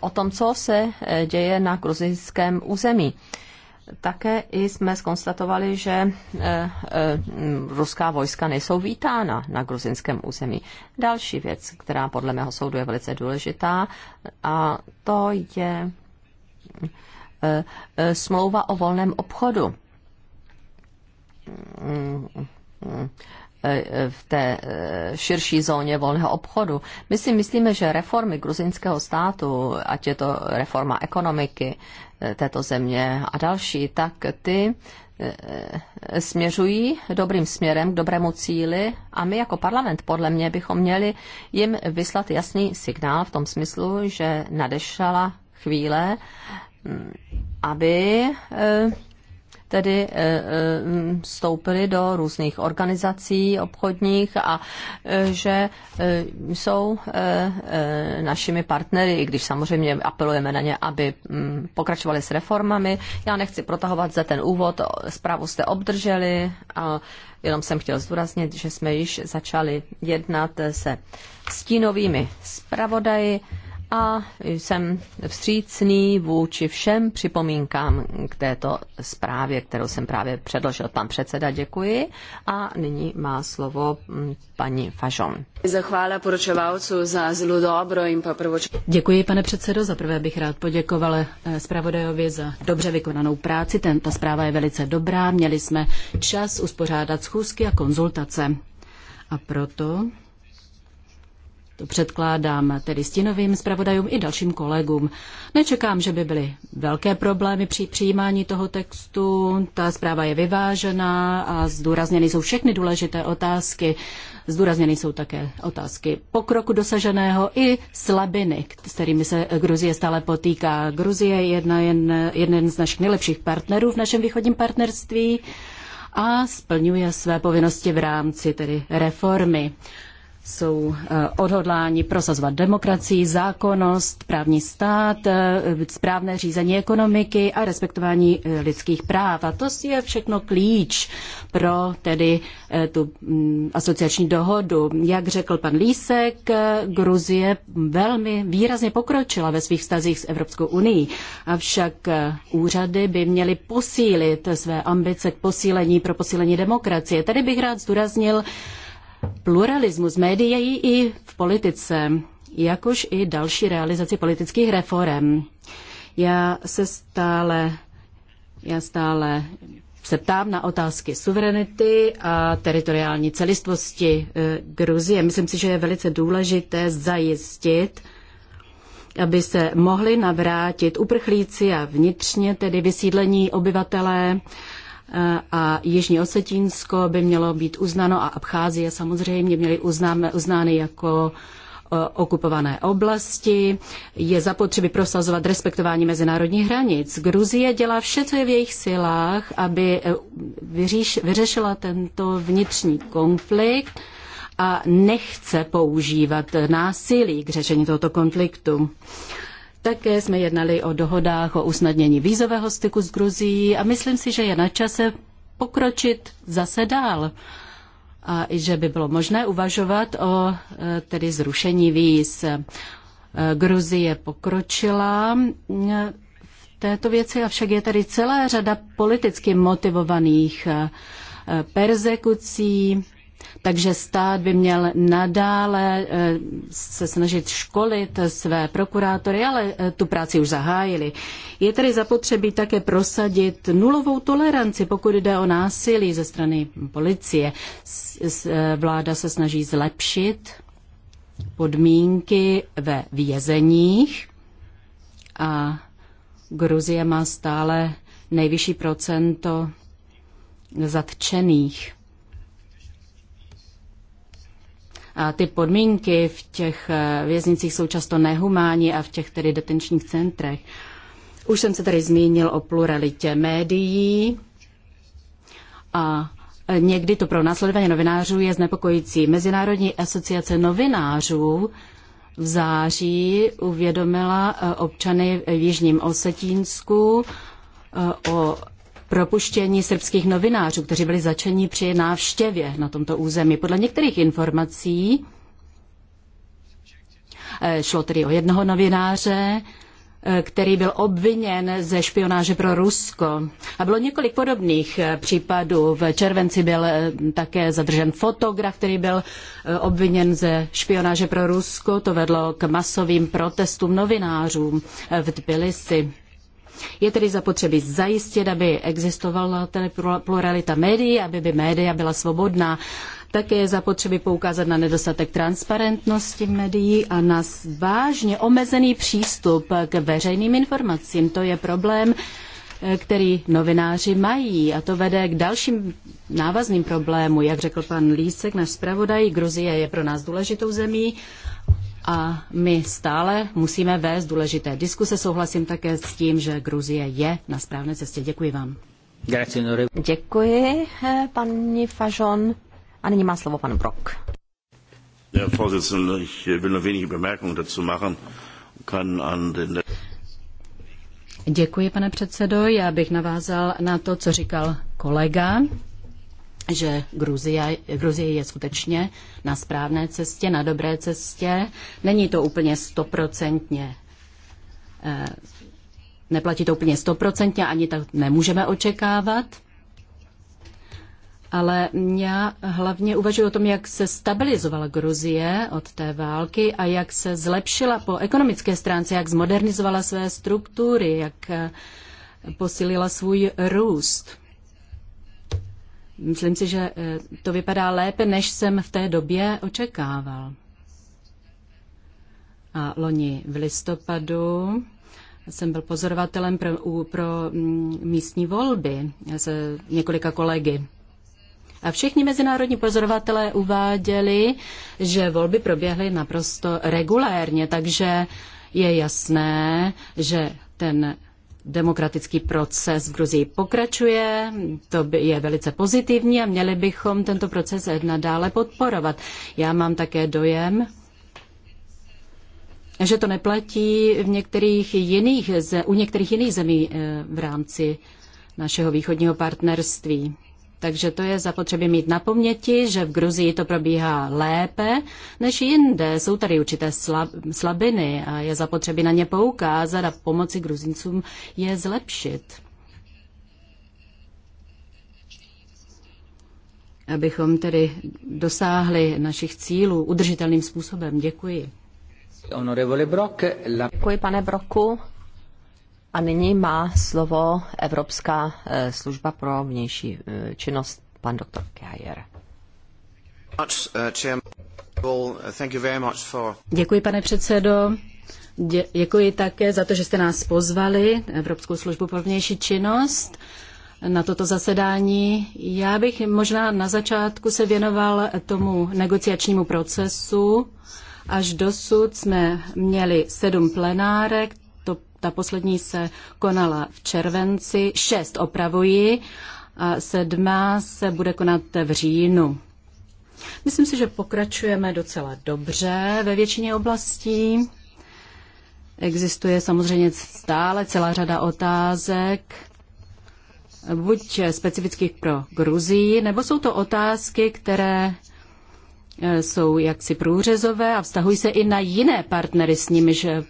o, tom, co se děje na gruzijském území. Také i jsme skonstatovali, že eh, eh, ruská vojska nejsou vítána na gruzinském území. Další věc, která podle mého soudu je velice důležitá, a to je eh, smlouva o volném obchodu. V té širší zóně volného obchodu. My si myslíme, že reformy gruzinského státu, ať je to reforma ekonomiky, Eh, této země a další, tak ty eh, směřují dobrým směrem, k dobrému cíli a my jako parlament podle mě bychom měli jim vyslat jasný signál v tom smyslu, že nadešla chvíle, mm, aby eh, tedy eh, eh, vstoupili do různých organizací obchodních a eh, že jsou našimi partnery, i když samozřejmě apelujeme na ně, aby mm, pokračovali s reformami. Já nechci protahovat za ten úvod, zprávu jste obdrželi a jenom jsem chtěl zdůraznit, že jsme již začali jednat se stínovými zpravodaji a jsem vstřícný vůči všem připomínkám k této zprávě, kterou jsem právě předložil. Pan předseda, děkuji. A nyní má slovo mm, paní Fažon. za dobro jim Děkuji, pane předsedo. Za prvé bych rád poděkoval eh, zpravodajovi za dobře vykonanou práci. Tento zpráva je velice dobrá. Měli jsme čas uspořádat schůzky a konzultace. A proto to předkládám tedy stinovým zpravodajům i dalším kolegům. Nečekám, že by byly velké problémy při přijímání toho textu. Ta zpráva je vyvážená a zdůrazněny jsou všechny důležité otázky. Zdůrazněny jsou také otázky pokroku dosaženého i slabiny, s kterými se Gruzie stále potýká. Gruzie je jedna, jen, jeden z našich nejlepších partnerů v našem východním partnerství a splňuje své povinnosti v rámci tedy reformy jsou eh, odhodláni prosazovat demokracii, zákonnost, právní stát, eh, správné řízení ekonomiky a respektování eh, lidských práv. A to je všechno klíč pro tedy tu mm, asociační dohodu. Jak řekl pan Lísek, Gruzie velmi výrazně pokročila ve svých vztazích s Evropskou unii. Avšak úřady by měly posílit své ambice k posílení pro posílení demokracie. Tady bych rád zdůraznil, pluralismus médií i v politice, jakož i další realizaci politických reform. Já se stále, já stále se ptám na otázky suverenity a teritoriální celistvosti eh, Gruzie. Myslím si, že je velice důležité zajistit, aby se mohli navrátit uprchlíci a vnitřně tedy vysídlení obyvatelé Eh, a Jižní Osetínsko by mělo být uznáno a Abcházie samozřejmě měly uznány jako eh, okupované oblasti. Je zapotřebí prosazovat respektování mezinárodních hranic. Gruzie dělá vše, co je v jejich silách, aby eh, vyříš, vyřešila tento vnitřní konflikt a nechce používat násilí k řešení tohoto konfliktu. Také jsme jednali o dohodách o usnadnění vízového styku s Gruzií a myslím si, že je na čase pokročit zase dál a i že by bylo možné uvažovat o e, tedy zrušení víz. E, Gruzie pokročila e, v této věci, avšak je tady celá řada politicky motivovaných persekucí, takže stát by měl nadále eh, se snažit školit své prokurátory, ale eh, tu práci už zahájili. Je tedy zapotřebí také prosadit nulovou toleranci, pokud jde o násilí ze strany policie. Eh, vláda se snaží zlepšit podmínky ve vězeních a Gruzie má stále nejvyšší procento zatčených. ty podmínky v těch eh, věznicích jsou často nehumánní a v těch tedy detenčních centrech. Už jsem se tady zmínil o pluralitě médií a eh, někdy to pro následování novinářů je znepokojící. Mezinárodní asociace novinářů v září uvědomila eh, občany v Jižním Osetínsku o propuštění srbských novinářů, kteří byli začeni při návštěvě na tomto území. Podle některých informací eh, šlo tedy o jednoho novináře, eh, který byl obviněn ze špionáže pro Rusko. A bylo několik podobných eh, případů. V červenci byl také zadržen fotograf, který byl obviněn ze špionáže pro Rusko. To vedlo k masovým protestům novinářům v Tbilisi. Je tedy zapotřebí zajistit, aby existovala tedy pluralita médií, aby by média byla svobodná. Také je zapotřebí poukázat na nedostatek transparentnosti médií a na vážně omezený přístup k veřejným informacím. To je problém, který novináři mají. A to vede k dalším návazným problémům. Jak řekl pan Lísek, náš zpravodaj, Gruzie je pro nás důležitou zemí a my stále musíme vést důležité diskuse. Souhlasím také s tím, že Gruzie je na správné cestě. Děkuji vám. Děkuji, eh, paní Fažon. A nyní má slovo pan Brok. Äh, Děkuji, pane předsedo. Já bych navázal na to, co říkal kolega že Gruzie, Gruzie je skutečně na správné cestě, na dobré cestě. Není to úplně stoprocentně eh, Neplatí to úplně stoprocentně, ani tak nemůžeme očekávat. Ale já hlavně uvažuji o tom, jak se stabilizovala Gruzie od té války a jak se zlepšila po ekonomické stránce, jak zmodernizovala své struktury, jak eh, posílila svůj růst. Myslím si, že eh, to vypadá lépe, než jsem v té době očekával. A loni v listopadu jsem byl pozorovatelem pro, pro mm, místní volby s několika kolegy. A všichni mezinárodní pozorovatelé uváděli, že volby proběhly naprosto regulérně, takže je jasné, že ten demokratický proces v Gruzii pokračuje, to je velice pozitivní a měli bychom tento proces nadále podporovat. Já mám také dojem, že to neplatí v některých jiných, u některých jiných zemí eh, v rámci našeho východního partnerství. Takže to je zapotřebí mít na paměti, že v Gruzii to probíhá lépe než jinde. Jsou tady určité slab, slabiny a je zapotřebí na ně poukázat a pomoci Gruzincům je zlepšit. Abychom tedy dosáhli našich cílů udržitelným způsobem. Děkuji. Děkuji, pane Broku. A nyní má slovo Evropská eh, služba pro vnější eh, činnost, pan doktor Kajer. Děkuji, pane předsedo. Děkuji také za to, že jste nás pozvali, Evropskou službu pro vnější činnost, na toto zasedání. Já bych možná na začátku se věnoval tomu negociačnímu procesu. Až dosud jsme měli sedm plenárek, ta poslední se konala v červenci, šest opravuji, a sedmá se bude konat v říjnu. Myslím si, že pokračujeme docela dobře ve většině oblastí. Existuje samozřejmě stále celá řada otázek, buď specifických pro Gruzii, nebo jsou to otázky, které Eh, jsou jaksi průřezové a vztahují se i na jiné partnery, s nimi, že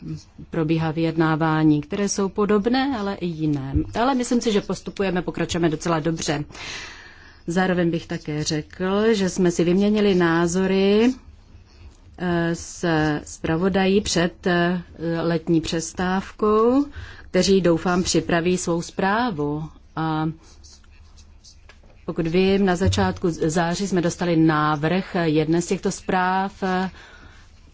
probíhá vyjednávání, které jsou podobné, ale i jiné. Ale myslím si, že postupujeme, pokračujeme docela dobře. Zároveň bych také řekl, že jsme si vyměnili názory eh, s zpravodají před eh, letní přestávkou, kteří doufám připraví svou zprávu. A pokud vím, na začátku září jsme dostali návrh jedné z těchto zpráv,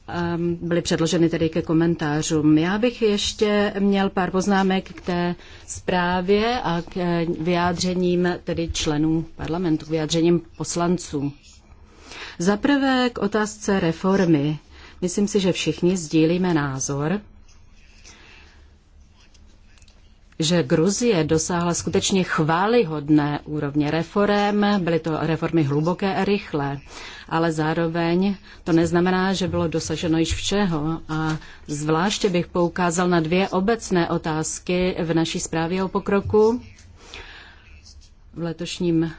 ehm, byly předloženy tedy ke komentářům. Já bych ještě měl pár poznámek k té zprávě a k eh, vyjádřením tedy členů parlamentu, k vyjádřením poslanců. Za prvé k otázce reformy. Myslím si, že všichni sdílíme názor, že Gruzie dosáhla skutečně chválihodné úrovně reform, byly to reformy hluboké a rychlé, ale zároveň to neznamená, že bylo dosaženo již všeho a zvláště bych poukázal na dvě obecné otázky v naší zprávě o pokroku. V letošním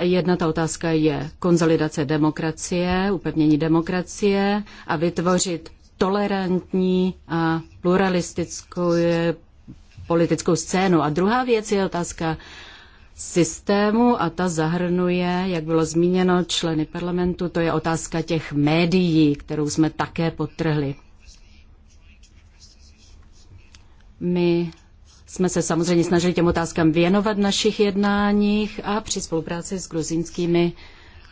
Jedna ta otázka je konzolidace demokracie, upevnění demokracie a vytvořit tolerantní a pluralistickou politickou scénu. A druhá věc je otázka systému a ta zahrnuje, jak bylo zmíněno, členy parlamentu, to je otázka těch médií, kterou jsme také potrhli. My jsme se samozřejmě snažili těm otázkám věnovat v našich jednáních a při spolupráci s gruzínskými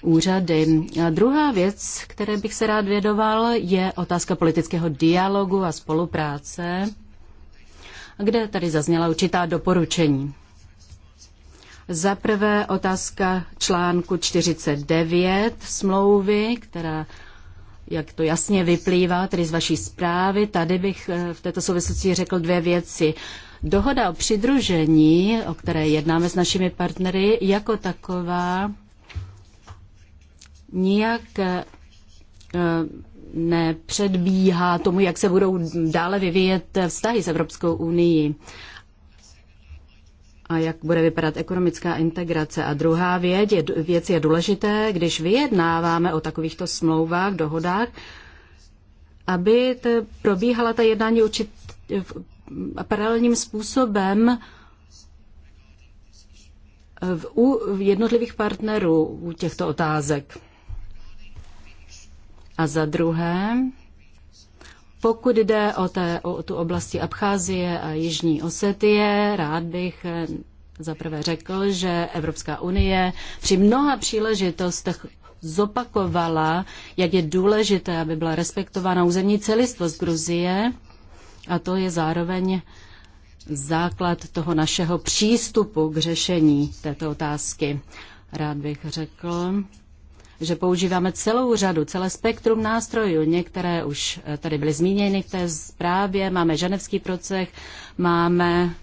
úřady. A druhá věc, které bych se rád vědoval, je otázka politického dialogu a spolupráce kde tady zazněla určitá doporučení. Za prvé otázka článku 49 smlouvy, která, jak to jasně vyplývá, tedy z vaší zprávy, tady bych eh, v této souvislosti řekl dvě věci. Dohoda o přidružení, o které jednáme s našimi partnery, jako taková nijak eh, nepředbíhá tomu, jak se budou dále vyvíjet vztahy s Evropskou unii a jak bude vypadat ekonomická integrace. A druhá věc je, věc je důležité, když vyjednáváme o takovýchto smlouvách, dohodách, aby te, probíhala ta jednání určit, paralelním způsobem v, u v jednotlivých partnerů u těchto otázek. A za druhé, pokud jde o, té, o tu oblasti Abcházie a Jižní Osetie, rád bych eh, zaprvé řekl, že Evropská unie při mnoha příležitostech zopakovala, jak je důležité, aby byla respektována územní celistvost Gruzie a to je zároveň základ toho našeho přístupu k řešení této otázky. Rád bych řekl, že používáme celou řadu, celé spektrum nástrojů. Některé už eh, tady byly zmíněny v té zprávě. Máme ženevský proces, máme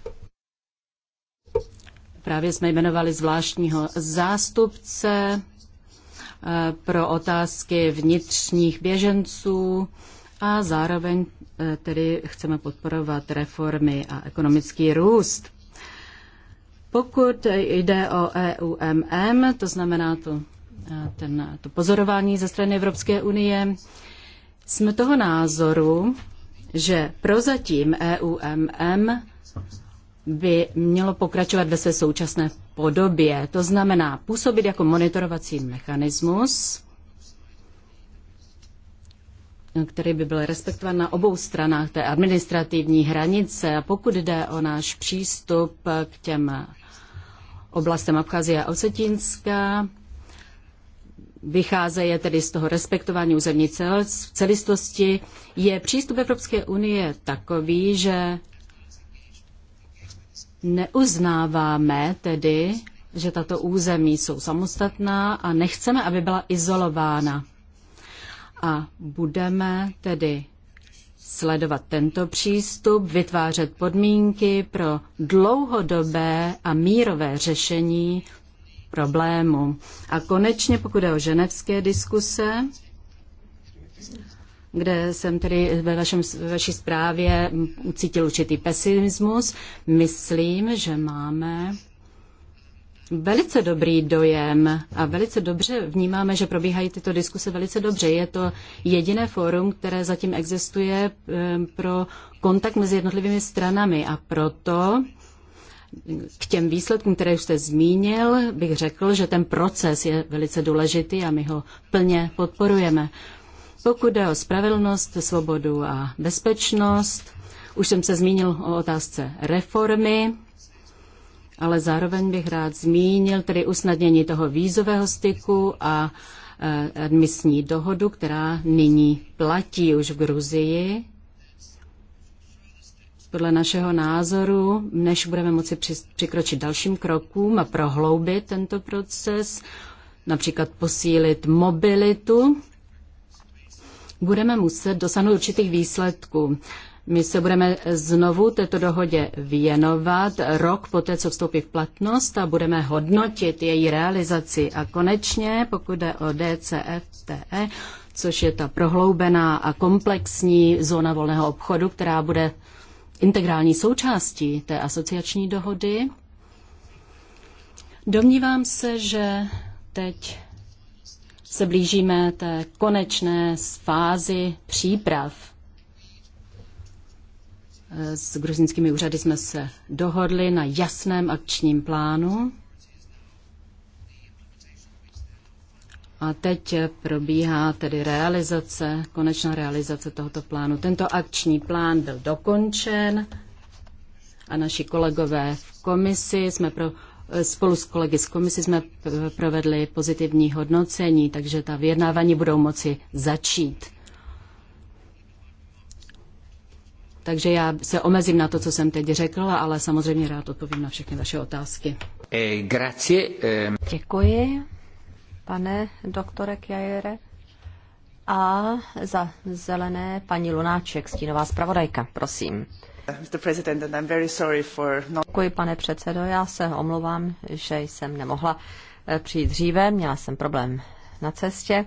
Právě jsme jmenovali zvláštního zástupce eh, pro otázky vnitřních běženců a zároveň eh, tedy chceme podporovat reformy a ekonomický růst. Pokud jde o EUMM, to znamená to ten, to pozorování ze strany Evropské unie. Jsme toho názoru, že prozatím EUMM by mělo pokračovat ve své současné podobě. To znamená působit jako monitorovací mechanismus, který by byl respektován na obou stranách té administrativní hranice. A pokud jde o náš přístup k těm oblastem Abcházie a Osetínska, vycházeje tedy z toho respektování územní celistvosti, je přístup Evropské unie takový, že neuznáváme tedy, že tato území jsou samostatná a nechceme, aby byla izolována. A budeme tedy sledovat tento přístup, vytvářet podmínky pro dlouhodobé a mírové řešení Problému A konečně, pokud je o ženevské diskuse, kde jsem tedy ve, vašem, ve vaší zprávě ucítil určitý pesimismus, myslím, že máme velice dobrý dojem a velice dobře vnímáme, že probíhají tyto diskuse velice dobře. Je to jediné fórum, které zatím existuje eh, pro kontakt mezi jednotlivými stranami a proto k těm výsledkům, které jste zmínil, bych řekl, že ten proces je velice důležitý a my ho plně podporujeme. Pokud jde o spravedlnost, svobodu a bezpečnost, už jsem se zmínil o otázce reformy, ale zároveň bych rád zmínil tedy usnadnění toho vízového styku a eh, admisní dohodu, která nyní platí už v Gruzii podle našeho názoru, než budeme moci přikročit dalším krokům a prohloubit tento proces, například posílit mobilitu, budeme muset dosáhnout určitých výsledků. My se budeme znovu této dohodě věnovat rok poté, co vstoupí v platnost a budeme hodnotit její realizaci. A konečně, pokud jde o DCFTE, což je ta prohloubená a komplexní zóna volného obchodu, která bude integrální součástí té asociační dohody. Domnívám se, že teď se blížíme té konečné fázi příprav. S gruzinskými úřady jsme se dohodli na jasném akčním plánu. A teď probíhá tedy realizace, konečná realizace tohoto plánu. Tento akční plán byl dokončen a naši kolegové v komisi jsme pro, spolu s kolegy z komisy jsme provedli pozitivní hodnocení, takže ta vyjednávání budou moci začít. Takže já se omezím na to, co jsem teď řekla, ale samozřejmě rád odpovím na všechny vaše otázky. Eh, grazie. Eh. Děkuji pane doktore Kjajere. A za zelené paní Lunáček, stínová zpravodajka, prosím. Děkuji, pane předsedo. Já se omlouvám, že jsem nemohla eh, přijít dříve. Měla jsem problém na cestě.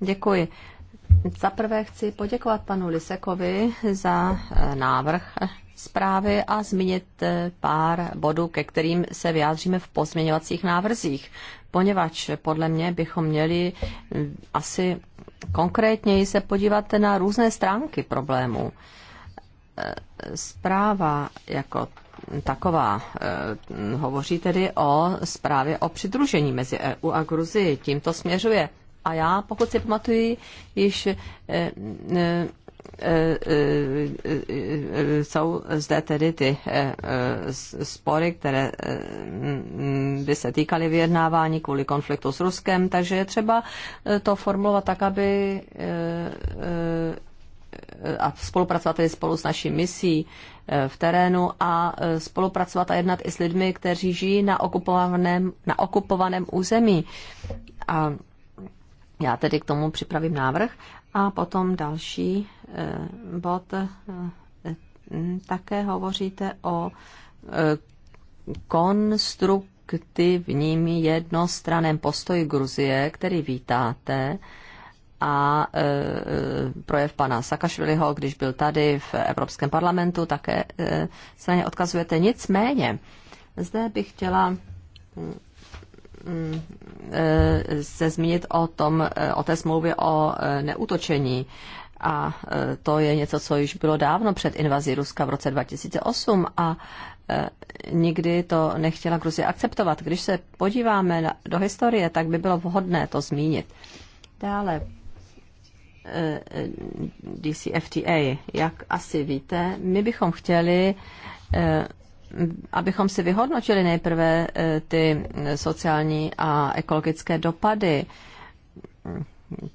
Děkuji. Za prvé chci poděkovat panu Lisekovi za eh, návrh zprávy a zmínit eh, pár bodů, ke kterým se vyjádříme v pozměňovacích návrzích poněvadž podle mě bychom měli eh, asi konkrétněji se podívat na různé stránky problému. Eh, zpráva jako taková eh, hovoří tedy o zprávě o přidružení mezi EU a Gruzii. Tím to směřuje. A já, pokud si pamatuju, již jsou zde tedy ty eh, eh, spory, které eh, by se týkaly vyjednávání kvůli konfliktu s Ruskem, takže je třeba to formulovat tak, aby a spolupracovat tedy spolu s naší misí v terénu a spolupracovat a jednat i s lidmi, kteří žijí na okupovaném, na okupovaném území. A já tedy k tomu připravím návrh. A potom další bod eh, také hovoříte o eh, konstruktivním jednostraném postoji Gruzie, který vítáte, a eh, projev pana Sakašviliho, když byl tady v Evropském parlamentu, také se na ně odkazujete. Nicméně, zde bych chtěla mm, mm, se zmínit o, tom, o té smlouvě o neutočení. A e, to je něco, co již bylo dávno před invazí Ruska v roce 2008 a e, nikdy to nechtěla Gruzie akceptovat. Když se podíváme do historie, tak by bylo vhodné to zmínit. Dále e, DCFTA, jak asi víte, my bychom chtěli abychom si vyhodnotili nejprve ty sociální a ekologické dopady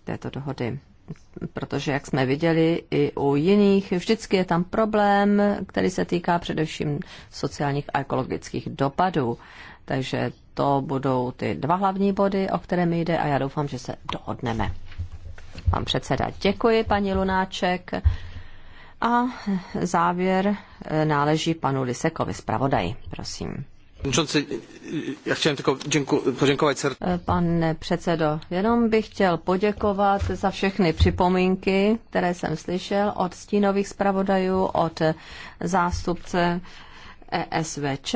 této dohody protože jak jsme viděli i u jiných, vždycky je tam problém, který se týká především sociálních a ekologických dopadů. Takže to budou ty dva hlavní body, o které mi jde a já doufám, že se dohodneme. Pan předseda, děkuji, paní Lunáček. A závěr eh, náleží panu Lisekovi, zpravodaji, prosím. Já chtěl poděkovat. Eh, pane předsedo, jenom bych chtěl poděkovat za všechny připomínky, které jsem slyšel od stínových zpravodajů, od zástupce ESVČ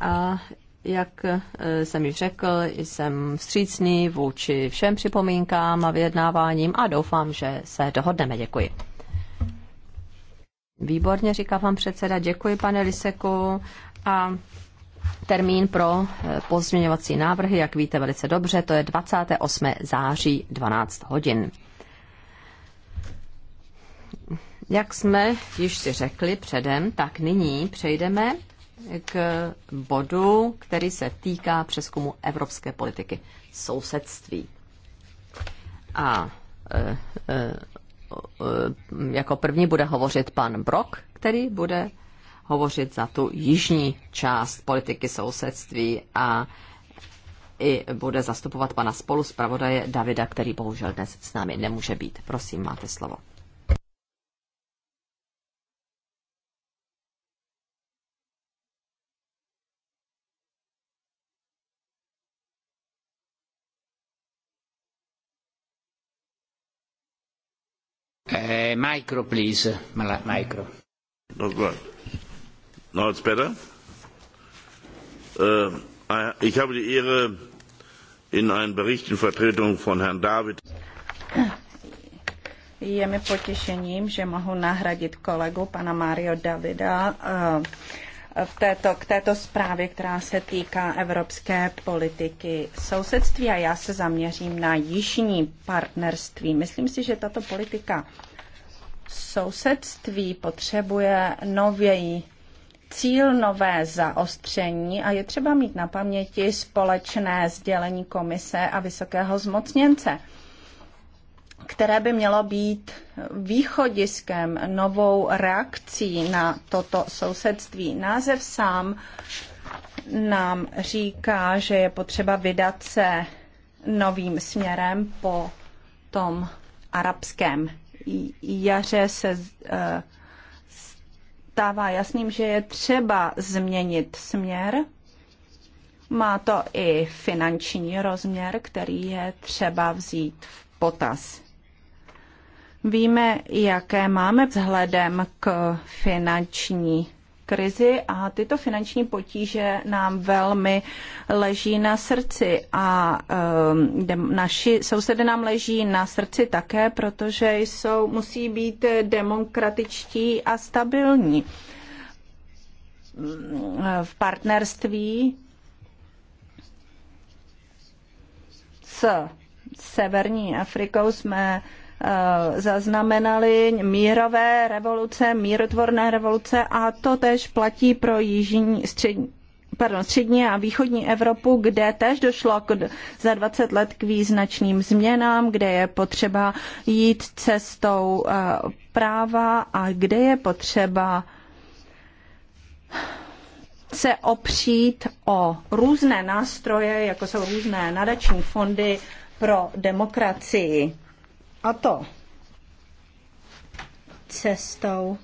a jak eh, jsem již řekl, jsem vstřícný vůči všem připomínkám a vyjednáváním a doufám, že se dohodneme. Děkuji. Výborně, říká pan předseda. Děkuji, pane Liseku. A Termín pro eh, pozměňovací návrhy, jak víte velice dobře, to je 28. září 12 hodin. Jak jsme již si řekli předem, tak nyní přejdeme k bodu, který se týká přeskumu evropské politiky sousedství. A e, e, jako první bude hovořit pan Brok, který bude hovořit za tu jižní část politiky sousedství a i bude zastupovat pana spolu zpravodaje Davida, který bohužel dnes s námi nemůže být. Prosím, máte slovo. Eh, micro, please. Micro. No, Now it's better. Ähm, ich habe die Ehre, in einen Bericht in Vertretung von Herrn David. Je mi potěšením, že mohu nahradit kolegu pana Mario Davida äh, v této, k této zprávě, která se týká evropské politiky sousedství a já se zaměřím na jižní partnerství. Myslím si, že tato politika sousedství potřebuje nový cíl nové zaostření a je třeba mít na paměti společné sdělení komise a vysokého zmocněnce které by mělo být východiskem, novou reakcí na toto sousedství. Název sám nám říká, že je potřeba vydat se novým směrem po tom arabském jaře se eh, stává jasným, že je třeba změnit směr. Má to i finanční rozměr, který je třeba vzít v potaz. Víme, jaké máme vzhledem k finanční krizi a tyto finanční potíže nám velmi leží na srdci a um, naši sousedy nám leží na srdci také, protože jsou, musí být demokratičtí a stabilní. V partnerství s Severní Afrikou jsme uh, Eh, zaznamenali mírové revoluce, mírotvorné revoluce a to tež platí pro jižní střední pardon, střední a východní Evropu, kde tež došlo k, za 20 let k význačným změnám, kde je potřeba jít cestou eh, práva a kde je potřeba se opřít o různé nástroje, jako jsou různé nadační fondy pro demokracii. A to cestou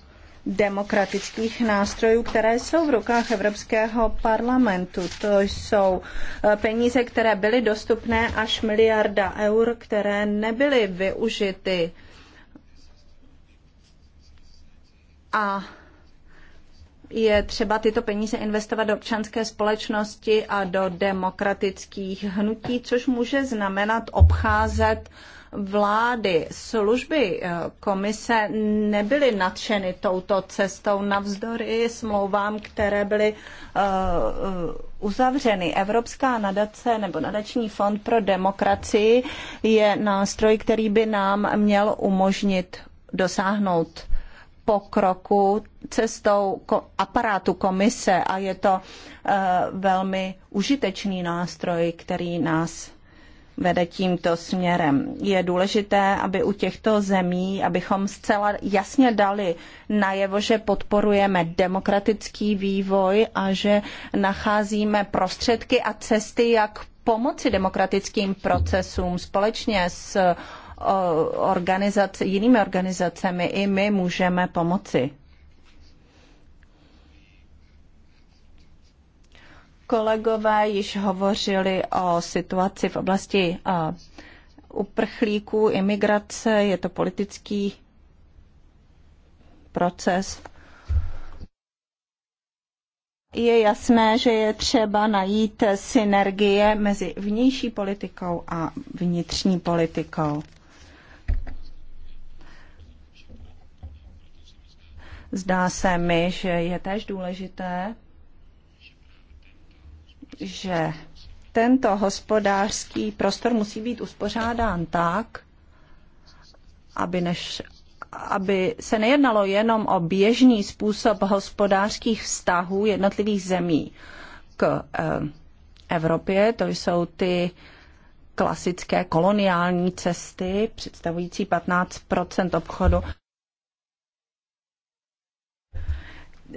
demokratických nástrojů, které jsou v rukách Evropského parlamentu. To jsou eh, peníze, které byly dostupné až miliarda eur, které nebyly využity. A je třeba tyto peníze investovat do občanské společnosti a do demokratických hnutí, což může znamenat obcházet uh, vlády, služby eh, komise nebyly nadšeny touto cestou navzdory smlouvám, které byly eh, eh, uzavřeny. Evropská nadace nebo nadační fond pro demokracii je nástroj, který by nám měl umožnit dosáhnout pokroku cestou aparátu komise a je to velmi užitečný nástroj, který nás vede tímto směrem. Je důležité, aby u těchto zemí, abychom zcela jasně dali najevo, že podporujeme demokratický vývoj a že nacházíme prostředky a cesty, jak pomoci demokratickým procesům společně s organizace, jinými organizacemi. I my můžeme pomoci. Kolegové již hovořili o situaci v oblasti uprchlíků, imigrace, je to politický proces. Je jasné, že je třeba najít synergie mezi vnější politikou a vnitřní politikou. Zdá se mi, že je též důležité že tento hospodářský prostor musí být uspořádán tak, aby, než, aby se nejednalo jenom o běžný způsob hospodářských vztahů jednotlivých zemí k eh, Evropě. To jsou ty klasické koloniální cesty, představující 15 obchodu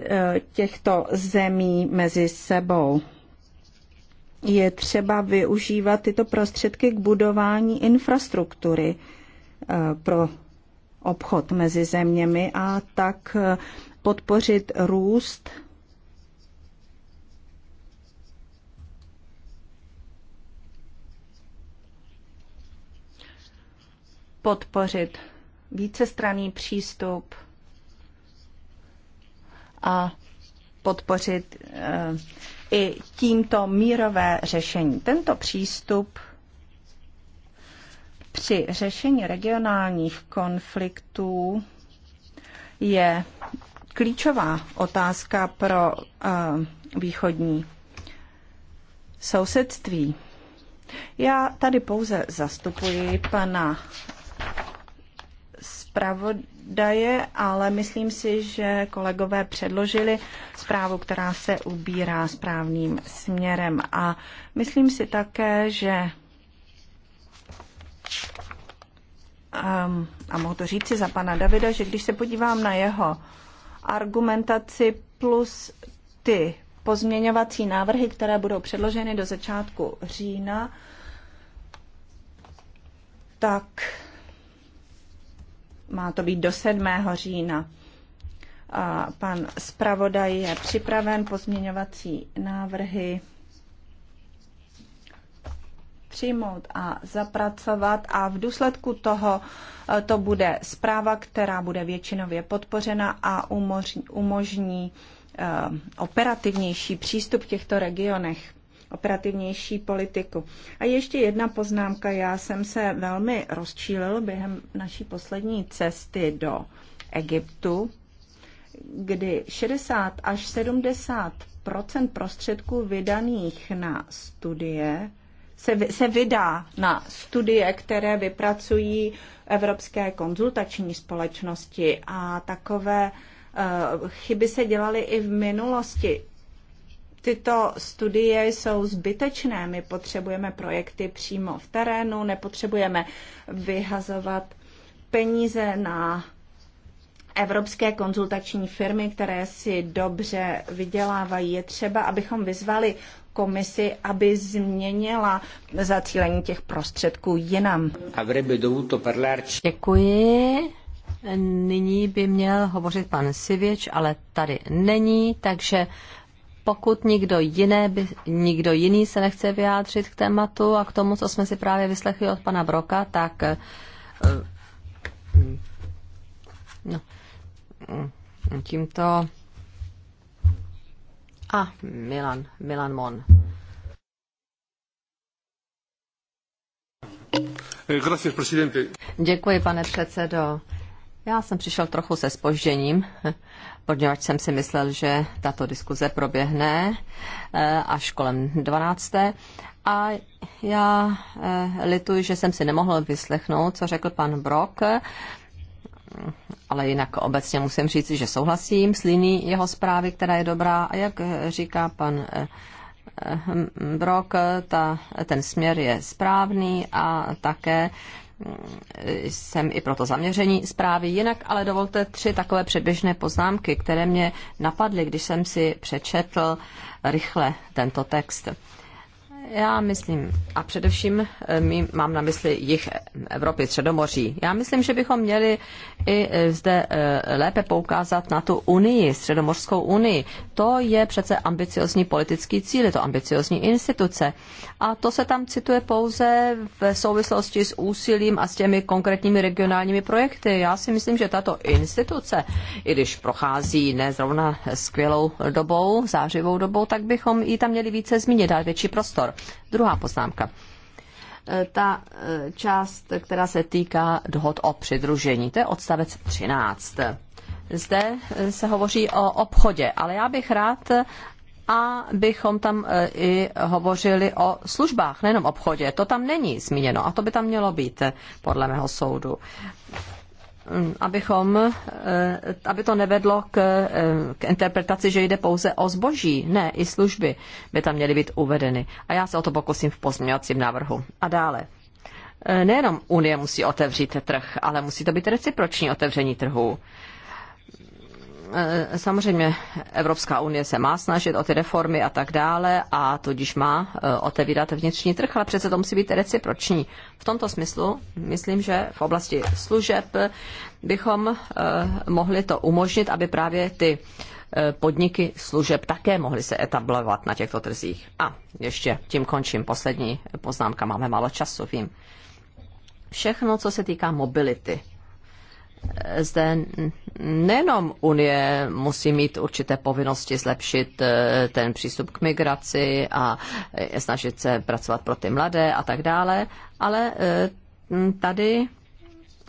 eh, těchto zemí mezi sebou je třeba využívat tyto prostředky k budování infrastruktury eh, pro obchod mezi zeměmi a tak eh, podpořit růst podpořit vícestranný přístup a podpořit eh, i tímto mírové řešení. Tento přístup při řešení regionálních konfliktů je klíčová otázka pro uh, východní sousedství. Já tady pouze zastupuji pana zpravodaje, ale myslím si, že kolegové předložili zprávu, která se ubírá správným směrem. A myslím si také, že um, a mohu to říci za pana Davida, že když se podívám na jeho argumentaci plus ty pozměňovací návrhy, které budou předloženy do začátku října, tak má to být do 7. října. A pan zpravodaj je připraven pozměňovací návrhy přijmout a zapracovat a v důsledku toho e, to bude zpráva, která bude většinově podpořena a umožní, umožní e, operativnější přístup v těchto regionech operativnější politiku. A ještě jedna poznámka. Já jsem se velmi rozčílil během naší poslední cesty do Egyptu, kdy 60 až 70 prostředků vydaných na studie se, se vydá na studie, které vypracují evropské konzultační společnosti a takové eh, chyby se dělaly i v minulosti tyto studie jsou zbytečné. My potřebujeme projekty přímo v terénu, nepotřebujeme vyhazovat peníze na evropské konzultační firmy, které si dobře vydělávají. Je třeba, abychom vyzvali komisi, aby změnila zacílení těch prostředků jinam. Děkuji. Nyní by měl hovořit pan Sivěč, ale tady není, takže pokud nikdo, jiné by, nikdo jiný se nechce vyjádřit k tématu a k tomu, co jsme si právě vyslechli od pana Broka, tak eh, no, mm, tímto a Milan, Milan Mon. Eh, Děkuji, pane předsedo. Já jsem přišel trochu se spožděním, poněvadž jsem si myslel, že tato diskuze proběhne eh, až kolem 12. A já eh, lituji, že jsem si nemohl vyslechnout, co řekl pan Brok, ale jinak obecně musím říct, že souhlasím s líní jeho zprávy, která je dobrá. A jak eh, říká pan Brok, ta, ten směr je správný a také jsem i pro to zaměření zprávy. Jinak ale dovolte tři takové předběžné poznámky, které mě napadly, když jsem si přečetl rychle tento text. Já myslím, a především eh, mám na mysli jich Evropy, Středomoří. Já myslím, že bychom měli i eh, zde eh, lépe poukázat na tu unii, Středomořskou unii. To je přece ambiciozní politický cíl, je to ambiciozní instituce. A to se tam cituje pouze v souvislosti s úsilím a s těmi konkrétními regionálními projekty. Já si myslím, že tato instituce, i když prochází ne zrovna skvělou dobou, zářivou dobou, tak bychom ji tam měli více zmínit, dát větší prostor. Druhá poznámka. E, ta e, část, která se týká dohod o přidružení, to je odstavec 13. Zde e, se hovoří o obchodě, ale já bych rád, a bychom tam i hovořili o službách, nejenom obchodě. To tam není zmíněno a to by tam mělo být, podle mého soudu abychom, eh, aby to nevedlo k, eh, k interpretaci, že jde pouze o zboží, ne, i služby by tam měly být uvedeny. A já se o to pokusím v pozměňovacím návrhu. A dále. Eh, nejenom Unie musí otevřít trh, ale musí to být reciproční otevření trhu. Eh, samozřejmě Evropská unie se má snažit o ty reformy a tak dále a tudíž má eh, otevírat vnitřní trh, ale přece to musí být reciproční. V tomto smyslu myslím, že v oblasti služeb bychom eh, mohli to umožnit, aby právě ty podniky služeb také mohly se etablovat na těchto trzích. A ještě tím končím. Poslední poznámka, máme málo času, vím. Všechno, co se týká mobility, zde nejenom Unie musí mít určité povinnosti zlepšit eh, ten přístup k migraci a eh, snažit se pracovat pro ty mladé a tak dále, ale eh, tady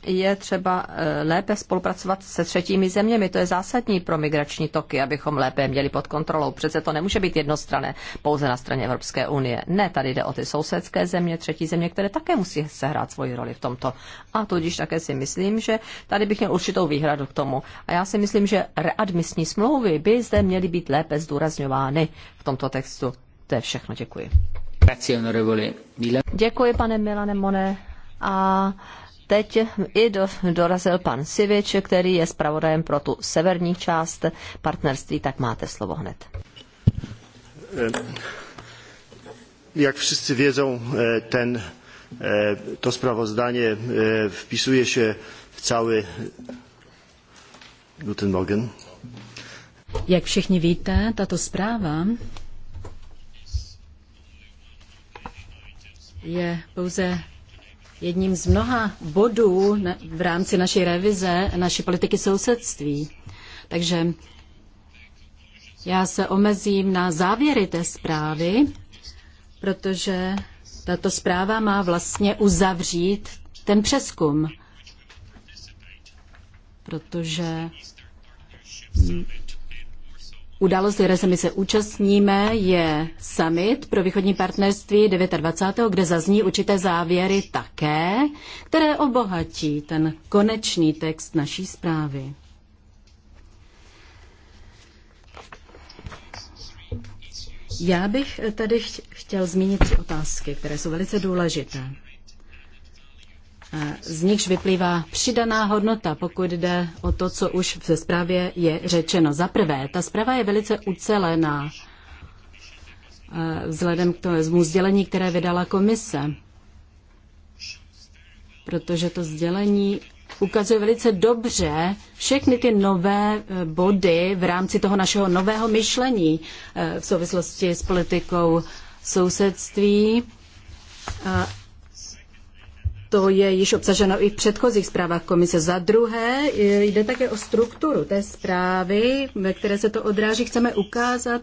je třeba eh, lépe spolupracovat se třetími zeměmi. To je zásadní pro migrační toky, abychom lépe měli pod kontrolou. Přece to nemůže být jednostrané pouze na straně Evropské unie. Ne, tady jde o ty sousedské země, třetí země, které také musí sehrát svoji roli v tomto. A tudíž také si myslím, že tady bych měl určitou výhradu k tomu. A já si myslím, že readmisní smlouvy by zde měly být lépe zdůrazňovány v tomto textu. To je všechno, děkuji. Děkuji, pane Milane Mone. A teď i do, dorazil pan Sivič, který je zpravodajem pro tu severní část partnerství, tak máte slovo hned. Eh, jak všichni vědí, eh, ten, eh, to sprawozdanie vpisuje se v celý Guten Morgen. Jak všichni víte, tato zpráva je pouze jedním z mnoha bodů v rámci naší revize naší politiky sousedství. Takže já se omezím na závěry té zprávy, protože tato zpráva má vlastně uzavřít ten přeskum, protože Události které se mi se účastníme, je summit pro východní partnerství 29., kde zazní určité závěry také, které obohatí ten konečný text naší zprávy. Já bych tady chtěl zmínit tři otázky, které jsou velice důležité z nichž vyplývá přidaná hodnota, pokud jde o to, co už ve zprávě je řečeno. Za prvé, ta zpráva je velice ucelená eh, vzhledem k tomu sdělení, které vydala komise, protože to sdělení ukazuje velice dobře všechny ty nové eh, body v rámci toho našeho nového myšlení eh, v souvislosti s politikou sousedství to je již obsaženo i v předchozích zprávách komise. Za druhé jde také o strukturu té zprávy, ve které se to odráží. Chceme ukázat,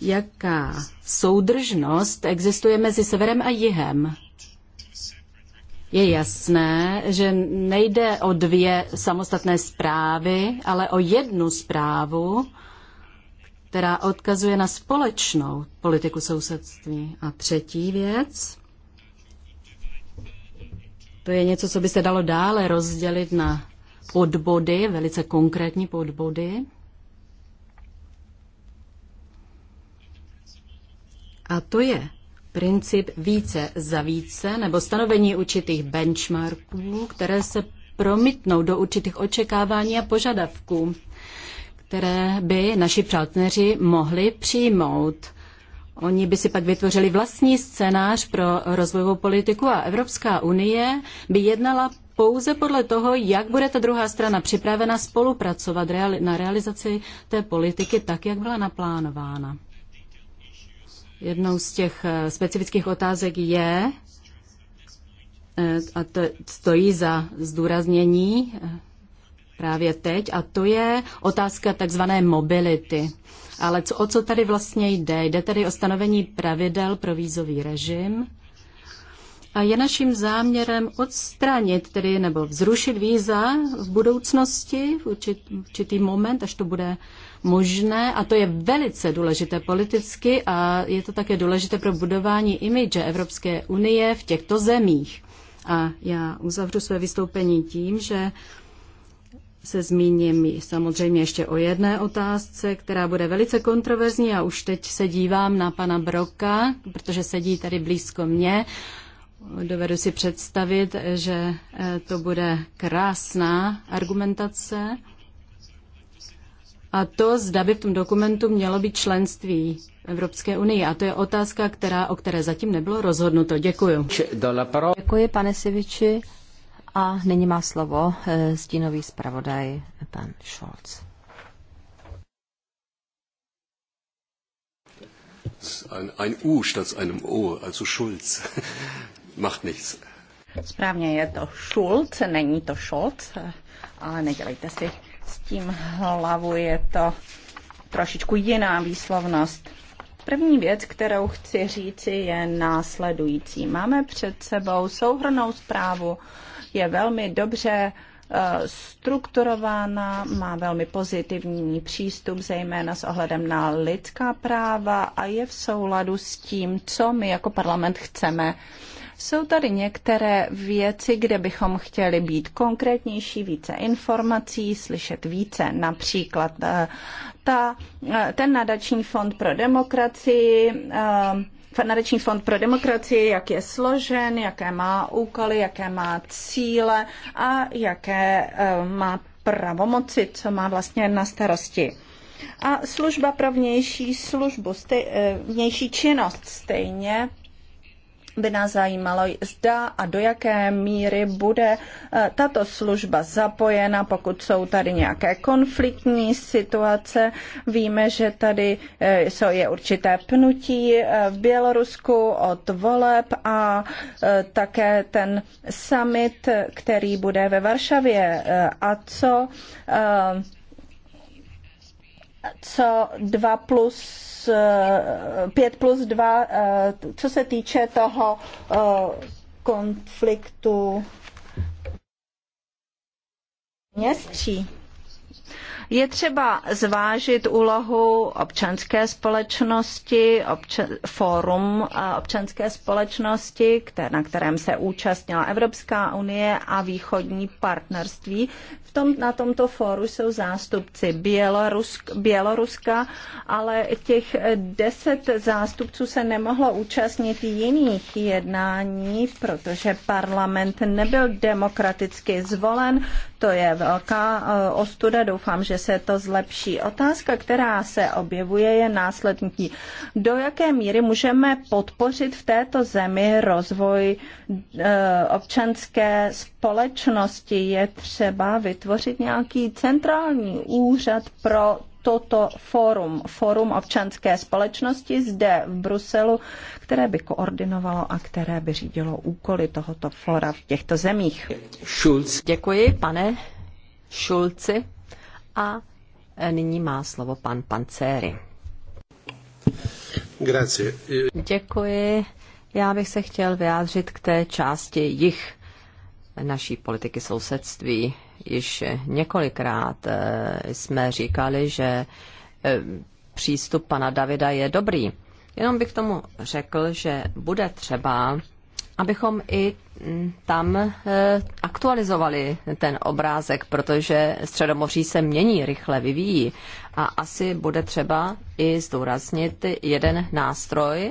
jaká soudržnost existuje mezi severem a jihem. Je jasné, že nejde o dvě samostatné zprávy, ale o jednu zprávu, která odkazuje na společnou politiku sousedství. A třetí věc. To je něco, co by se dalo dále rozdělit na podbody, velice konkrétní podbody. A to je princip více za více nebo stanovení určitých benchmarků, které se promítnou do určitých očekávání a požadavků, které by naši partneři mohli přijmout. Oni by si pak vytvořili vlastní scénář pro rozvojovou politiku a Evropská unie by jednala pouze podle toho, jak bude ta druhá strana připravena spolupracovat na realizaci té politiky tak, jak byla naplánována. Jednou z těch eh, specifických otázek je, eh, a to stojí za zdůraznění eh, právě teď, a to je otázka takzvané mobility. Ale co, o co tady vlastně jde? Jde tady o stanovení pravidel pro vízový režim. A je naším záměrem odstranit tedy nebo vzrušit víza v budoucnosti v určit, určitý moment, až to bude možné. A to je velice důležité politicky a je to také důležité pro budování imidže Evropské unie v těchto zemích. A já uzavřu své vystoupení tím, že se zmíním samozřejmě ještě o jedné otázce, která bude velice kontroverzní a už teď se dívám na pana Broka, protože sedí tady blízko mě. Dovedu si představit, že eh, to bude krásná argumentace. A to, zda by v tom dokumentu mělo být členství Evropské unii. A to je otázka, která, o které zatím nebylo rozhodnuto. Děkuji. Děkuji, pane Siviči. A nyní má slovo eh, stínový zpravodaj pan Scholz. Ein, ein U statt einem O, also Schulz, macht nichts. Správně je to Schulz, není to Scholz, ale nedělejte si s tím hlavu, je to trošičku jiná výslovnost. První věc, kterou chci říci, je následující. Máme před sebou souhrnou zprávu je velmi dobře eh, strukturována, má velmi pozitivní přístup, zejména s ohledem na lidská práva a je v souladu s tím, co my jako parlament chceme. Jsou tady některé věci, kde bychom chtěli být konkrétnější, více informací, slyšet více, například eh, ta, eh, ten nadační fond pro demokracii, Nadační fond pro demokracii, jak je složen, jaké má úkoly, jaké má cíle a jaké eh, má pravomoci, co má vlastně na starosti. A služba pro vnější službu, stej, eh, vnější činnost stejně by nás zajímalo, zda a do jaké míry bude eh, tato služba zapojena, pokud jsou tady nějaké konfliktní situace. Víme, že tady eh, je určité pnutí eh, v Bělorusku od voleb a také ten summit, který bude ve Varšavě. A co co 2 plus 5 eh, plus 2, eh, co se týče toho eh, konfliktu městří. Je třeba zvážit úlohu občanské společnosti, obča- fórum eh, občanské společnosti, které, na kterém se účastnila Evropská unie a východní partnerství. V tom, na tomto fóru jsou zástupci Bělorusk, Běloruska, ale těch deset zástupců se nemohlo účastnit jiných jednání, protože parlament nebyl demokraticky zvolen. To je velká e, ostuda, doufám, že se to zlepší. Otázka, která se objevuje, je následní. Do jaké míry můžeme podpořit v této zemi rozvoj e, občanské společnosti? Je třeba vytvořit nějaký centrální úřad pro toto forum, forum občanské společnosti zde v Bruselu, které by koordinovalo a které by řídilo úkoly tohoto fora v těchto zemích. Schulz. Děkuji, pane Šulci. A nyní má slovo pan Pancéry. Grazie. Děkuji. Já bych se chtěl vyjádřit k té části jich naší politiky sousedství již několikrát eh, jsme říkali, že eh, přístup pana Davida je dobrý. Jenom bych tomu řekl, že bude třeba, abychom i mm, tam eh, aktualizovali ten obrázek, protože Středomoří se mění, rychle vyvíjí a asi bude třeba i zdůraznit jeden nástroj,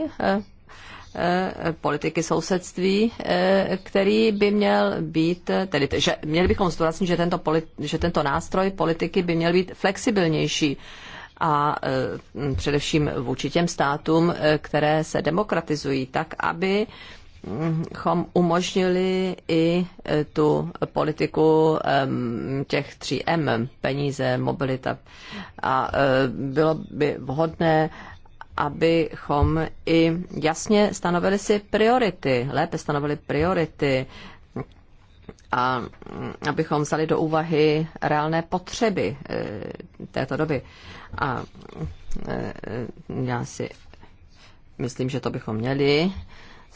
Eh, politiky sousedství, eh, který by měl být, eh, tedy že měli bychom zdůraznit, že tento, že tento nástroj politiky by měl být flexibilnější a především vůči těm státům, které se demokratizují, tak aby chom umožnili i tu politiku hm, těch 3M, peníze, mobilita. A bylo by vhodné, abychom i jasně stanovili si priority, lépe stanovili priority a abychom vzali do úvahy reálné potřeby eh, této doby. A eh, já si myslím, že to bychom měli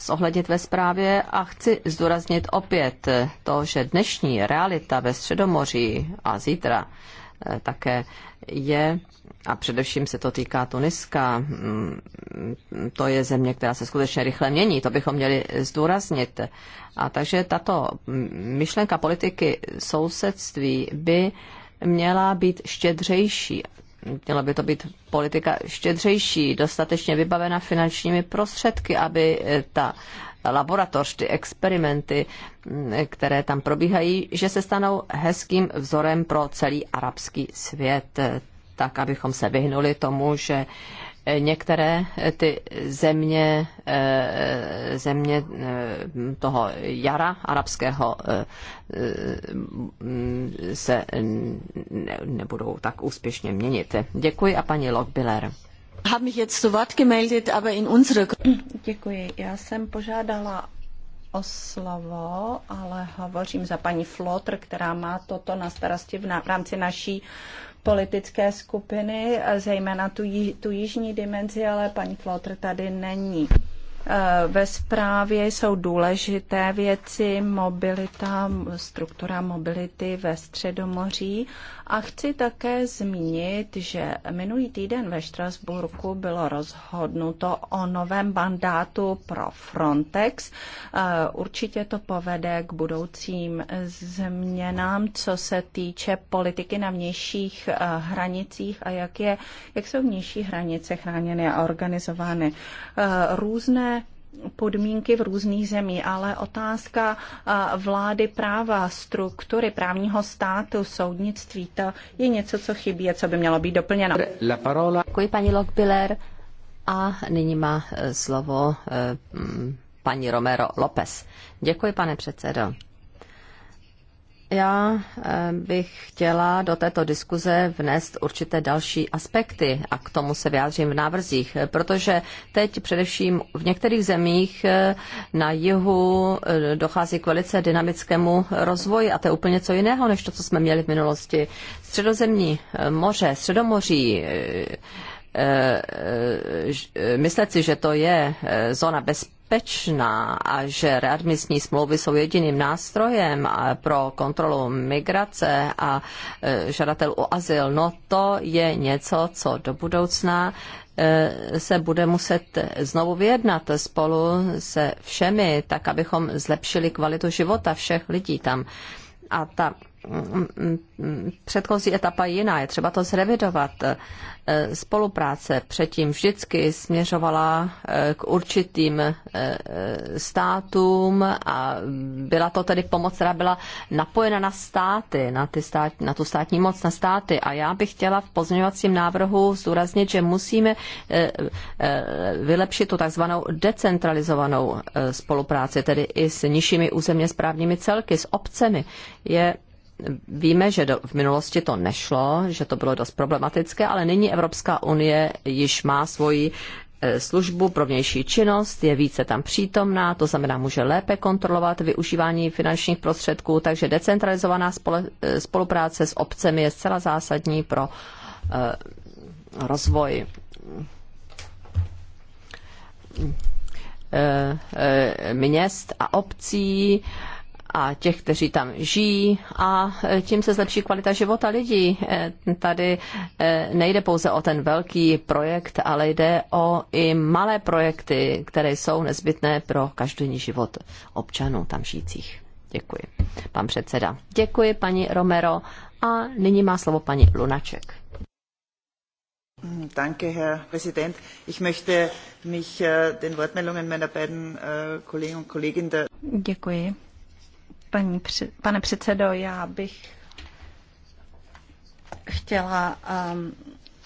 zohlednit ve zprávě a chci zdůraznit opět to, že dnešní realita ve Středomoří a zítra eh, také je a především se to týká Tuniska, mm, to je země, která se skutečně rychle mění, to bychom měli zdůraznit. A takže tato myšlenka politiky sousedství by měla být štědřejší. Měla by to být politika štědřejší, dostatečně vybavena finančními prostředky, aby ta laboratoř, ty experimenty, mm, které tam probíhají, že se stanou hezkým vzorem pro celý arabský svět tak abychom se vyhnuli tomu, že některé ty země, eh, země eh, toho jara arabského eh, se nebudou tak úspěšně měnit. Děkuji a paní Lockbiller. Děkuji. Já jsem požádala o slovo, ale hovořím za paní Flotr, která má toto na starosti v, rámci naší politické skupiny, zejména tu, tu jižní dimenzi, ale paní Flotr tady není. Eh, ve zprávě jsou důležité věci, mobilita, struktura mobility ve Středomoří a chci také zmínit, že minulý týden ve Štrasburku bylo rozhodnuto o novém mandátu pro Frontex. Eh, určitě to povede k budoucím změnám, co se týče politiky na vnějších eh, hranicích a jak, je, jak jsou vnější hranice chráněny a organizovány. Různé podmínky v různých zemích, ale otázka vlády práva, struktury právního státu, soudnictví, to je něco, co chybí a co by mělo být doplněno. Děkuji, paní Lockbiller. A nyní má e, slovo e, paní Romero López. Děkuji, pane předsedo. Já eh, bych chtěla do této diskuze vnést určité další aspekty a k tomu se vyjádřím v návrzích, protože teď především v některých zemích eh, na jihu eh, dochází k velice dynamickému rozvoji a to je úplně co jiného, než to, co jsme měli v minulosti. Středozemní moře, středomoří, myslet si, že to je zóna bez bezpečná a že readmisní smlouvy jsou jediným nástrojem pro kontrolu migrace a e, žadatel o azyl, no to je něco, co do budoucna e, se bude muset znovu vyjednat spolu se všemi, tak abychom zlepšili kvalitu života všech lidí tam. A ta předchozí etapa jiná, je třeba to zrevidovat. E, spolupráce předtím vždycky směřovala e, k určitým e, státům a byla to tedy pomoc, která byla napojena na státy, na, ty stát, na tu státní moc, na státy. A já bych chtěla v pozměňovacím návrhu zdůraznit, že musíme vylepšit tu takzvanou decentralizovanou spolupráci, tedy i s nižšími územně správními celky, s obcemi. Je Víme, že do, v minulosti to nešlo, že to bylo dost problematické, ale nyní Evropská unie již má svoji e, službu pro vnější činnost, je více tam přítomná, to znamená, může lépe kontrolovat využívání finančních prostředků, takže decentralizovaná spole, e, spolupráce s obcemi je zcela zásadní pro uh, rozvoj. Uh, uh, měst a obcí. uh, a těch, kteří tam žijí a e, tím se zlepší kvalita života lidí. E, tady e, nejde pouze o ten velký projekt, ale jde o i malé projekty, které jsou nezbytné pro každodenní život občanů tam žijících. Děkuji. Pan předseda. Děkuji, paní Romero. A nyní má slovo paní Lunaček. Danke, Herr Präsident. Ich möchte mich äh, den Wortmeldungen meiner beiden äh, Kollegen und Kolleginnen der Děkuji paní, pane předsedo, já bych chtěla um,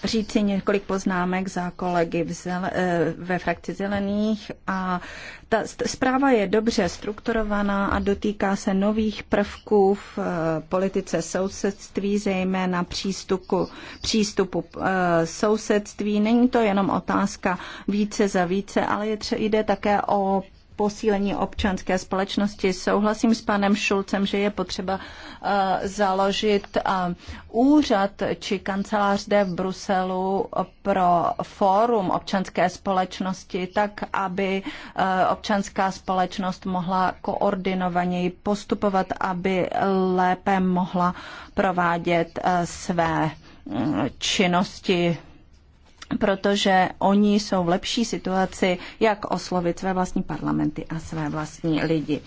říci několik poznámek za kolegy v zel, eh, ve frakci zelených. A ta zpráva je dobře strukturovaná a dotýká se nových prvků v eh, politice sousedství, zejména přístupu, přístupu eh, sousedství. Není to jenom otázka více za více, ale je tře- jde také o posílení občanské společnosti. Souhlasím s panem Šulcem, že je potřeba uh, založit uh, úřad či kancelář zde v Bruselu pro fórum občanské společnosti, tak aby uh, občanská společnost mohla koordinovaněji postupovat, aby lépe mohla provádět své mm, činnosti protože oni jsou v lepší situaci, jak oslovit své vlastní parlamenty a své vlastní lidi.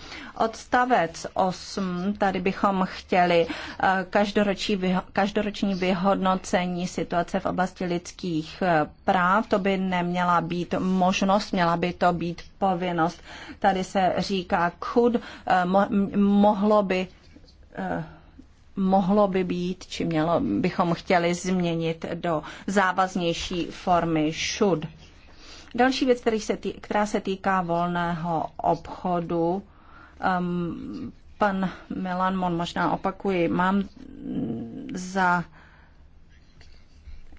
Odstavec 8, tady bychom chtěli eh, každoroční, každoroční vyhodnocení situace v oblasti lidských eh, práv. To by neměla být možnost, měla by to být povinnost. Tady se říká kud eh, mohlo by mohlo by být, či mělo, bychom chtěli změnit do závaznější formy should. Další věc, která se týká volného obchodu, um, pan Milan Mon, možná opakuji, mám za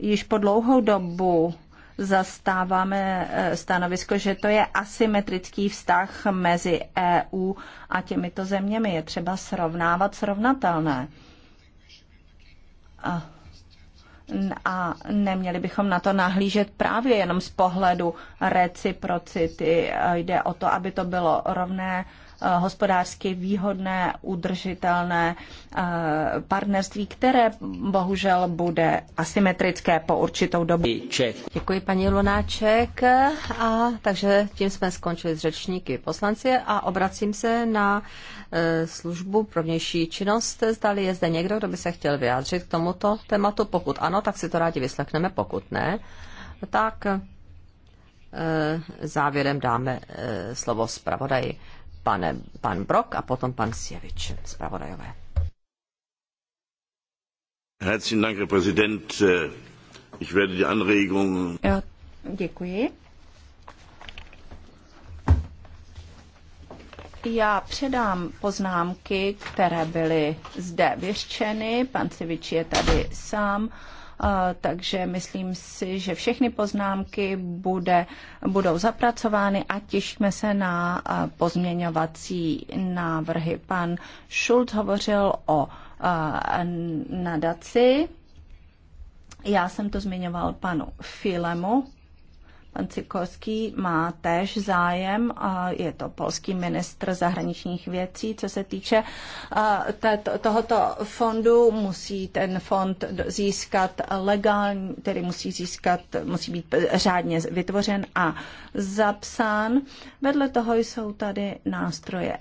již po dlouhou dobu zastáváme eh, stanovisko, že to je asymetrický vztah mezi EU a těmito zeměmi. Je třeba srovnávat srovnatelné. A a neměli bychom na to nahlížet právě jenom z pohledu reciprocity. Jde o to, aby to bylo rovné Eh, hospodářsky výhodné, udržitelné eh, partnerství, které bohužel bude asymetrické po určitou dobu. Děkuji paní Lunáček. A takže tím jsme skončili s řečníky poslanci a obracím se na eh, službu pro vnější činnost. Zdali je zde někdo, kdo by se chtěl vyjádřit k tomuto tématu. Pokud ano, tak si to rádi vyslechneme, pokud ne, tak závěrem dáme slovo zpravodaji pane, pan Brok a potom pan Sjevič, zpravodajové. Herzlichen Dank, Herr Präsident. Äh, ich werde die Anregung... děkuji. Já předám poznámky, které byly zde vyřčeny. Pan Sivič je tady sám. Uh, takže myslím si, že všechny poznámky bude, budou zapracovány a těšíme se na pozměňovací návrhy. Pan Schulz hovořil o nadaci. Já jsem to zmiňoval panu Filemu, Pan Cikorský má též zájem, je to polský ministr zahraničních věcí. Co se týče tohoto fondu, musí ten fond získat legální, tedy musí získat, musí být řádně vytvořen a zapsán. Vedle toho jsou tady nástroje,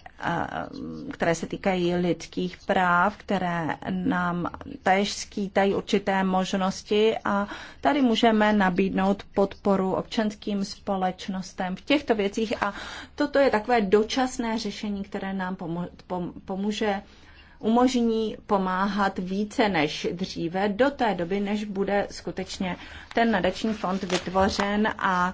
které se týkají lidských práv, které nám též skýtají určité možnosti a tady můžeme nabídnout podporu občanů producentským společnostem v těchto věcích a toto je takové dočasné řešení, které nám pomůže umožní pomáhat více než dříve do té doby, než bude skutečně ten nadační fond vytvořen a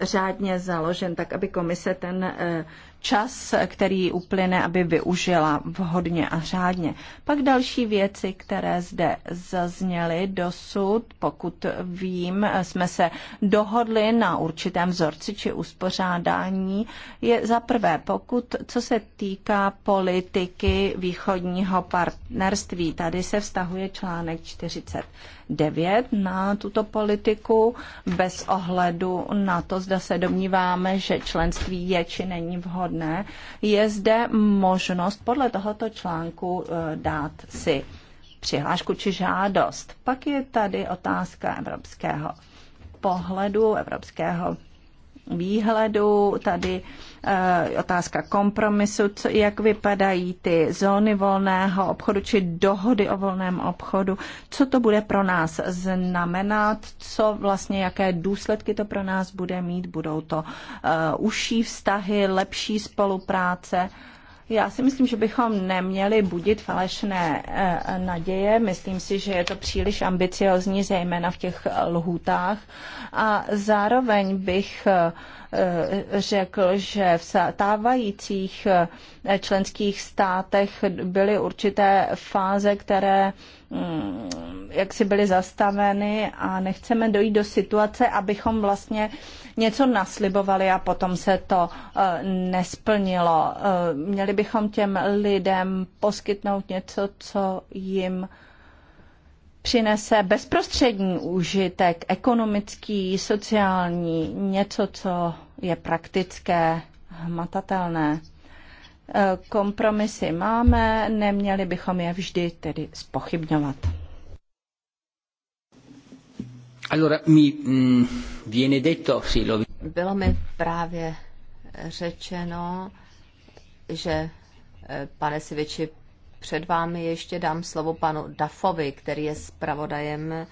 řádně založen, tak aby komise ten eh, čas, který uplyne, aby využila vhodně a řádně. Pak další věci, které zde zazněly dosud, pokud vím, jsme se dohodli na určitém vzorci či uspořádání, je za prvé, pokud co se týká politiky východního partnerství, tady se vztahuje článek 40. na tuto politiku bez ohledu na to, zda se domníváme, že členství je či není vhodné svobodné, je zde možnost podle tohoto článku eh, dát si přihlášku či žádost. Pak je tady otázka evropského pohledu, evropského výhledu. Tady Eh, otázka kompromisu, co, jak vypadají ty zóny volného obchodu či dohody o volném obchodu, co to bude pro nás znamenat, co vlastně, jaké důsledky to pro nás bude mít, budou to uh, užší vztahy, lepší spolupráce. Já si myslím, že bychom neměli budit falešné eh, naděje. Myslím si, že je to příliš ambiciozní, zejména v těch lhůtách. A zároveň bych Eh, řekl, že v stávajících eh, členských státech byly určité fáze, které mm, jak si byly zastaveny a nechceme dojít do situace, abychom vlastně něco naslibovali a potom se to eh, nesplnilo. Měli bychom těm lidem poskytnout něco, co jim přinese bezprostřední užitek, ekonomický, sociální, něco, co je praktické, hmatatelné. E, kompromisy máme, neměli bychom je vždy tedy spochybňovat. Allora, mi mm, viene detto, sì, lo... Bylo mi právě řečeno, že e, pane Siviči, před vámi ještě dám slovo panu Dafovi, který je zpravodajem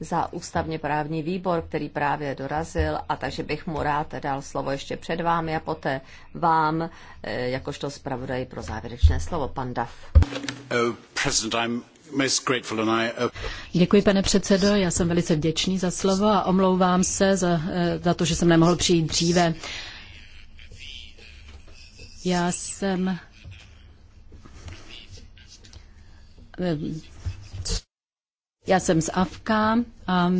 za ústavně právní výbor, který právě dorazil, a takže bych mu rád dal slovo ještě před vámi a poté vám, eh, jakožto zpravodaj pro závěrečné slovo, pan Daf. Oh, uh, Děkuji, pane předsedo. Já jsem velice vděčný za slovo a omlouvám se za, eh, za to, že jsem nemohl přijít dříve. Já jsem Eh, já jsem z Afka a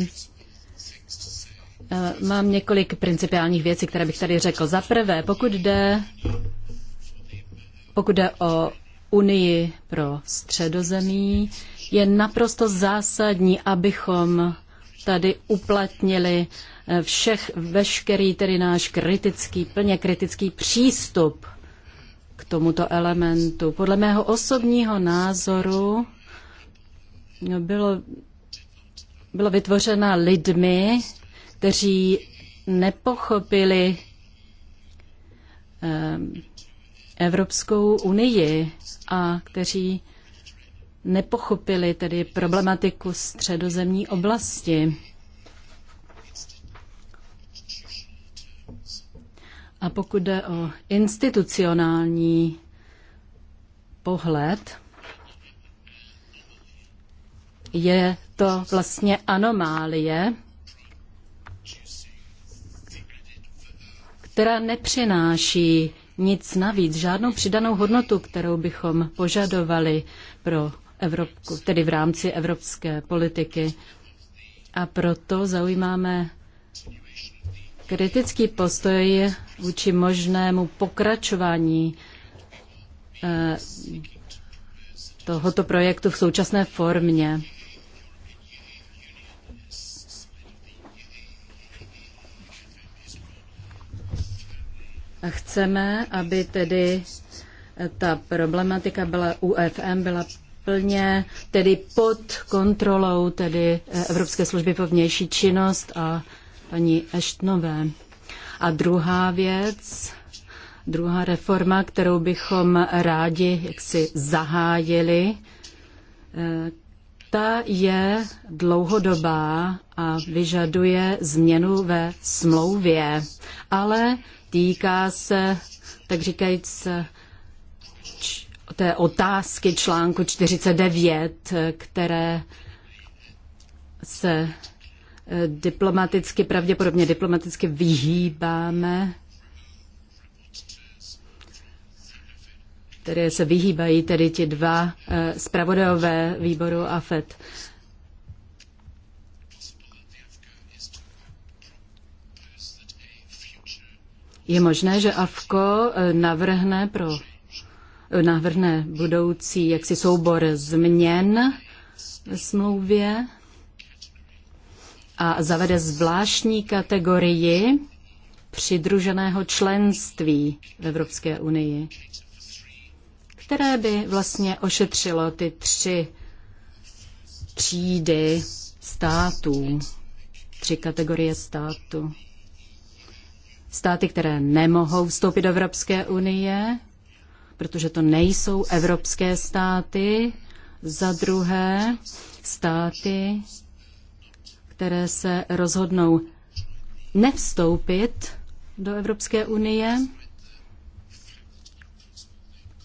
eh, mám několik principiálních věcí, které bych tady řekl. Za prvé, pokud jde, pokud jde o Unii pro středozemí, je naprosto zásadní, abychom tady uplatnili eh, všech, veškerý tedy náš kritický, plně kritický přístup tomuto elementu. Podle mého osobního názoru bylo, bylo vytvořena lidmi, kteří nepochopili ehm, Evropskou unii a kteří nepochopili tedy problematiku středozemní oblasti. A pokud jde o institucionální pohled, je to vlastně anomálie, která nepřináší nic navíc, žádnou přidanou hodnotu, kterou bychom požadovali pro Evropku, tedy v rámci evropské politiky. A proto zaujímáme kritický postoj vůči možnému pokračování eh, tohoto projektu v současné formě. Chceme, aby tedy eh, ta problematika byla UFM, byla plně tedy pod kontrolou tedy eh, Evropské služby pro vnější činnost a paní Eštnové. A druhá věc, druhá reforma, kterou bychom rádi jaksi zahájili, eh, ta je dlouhodobá a vyžaduje změnu ve smlouvě, ale týká se, tak říkajíc, té otázky článku 49, které se diplomaticky, pravděpodobně diplomaticky vyhýbáme které se vyhýbají, tedy ti dva eh, zpravodajové výboru AFET. Je možné, že AFKO eh, navrhne pro eh, navrhne budoucí jaksi soubor změn ve smlouvě a zavede zvláštní kategorii přidruženého členství v Evropské unii, které by vlastně ošetřilo ty tři třídy států, tři kategorie států. Státy, které nemohou vstoupit do Evropské unie, protože to nejsou evropské státy. Za druhé, státy, které se rozhodnou nevstoupit do Evropské unie,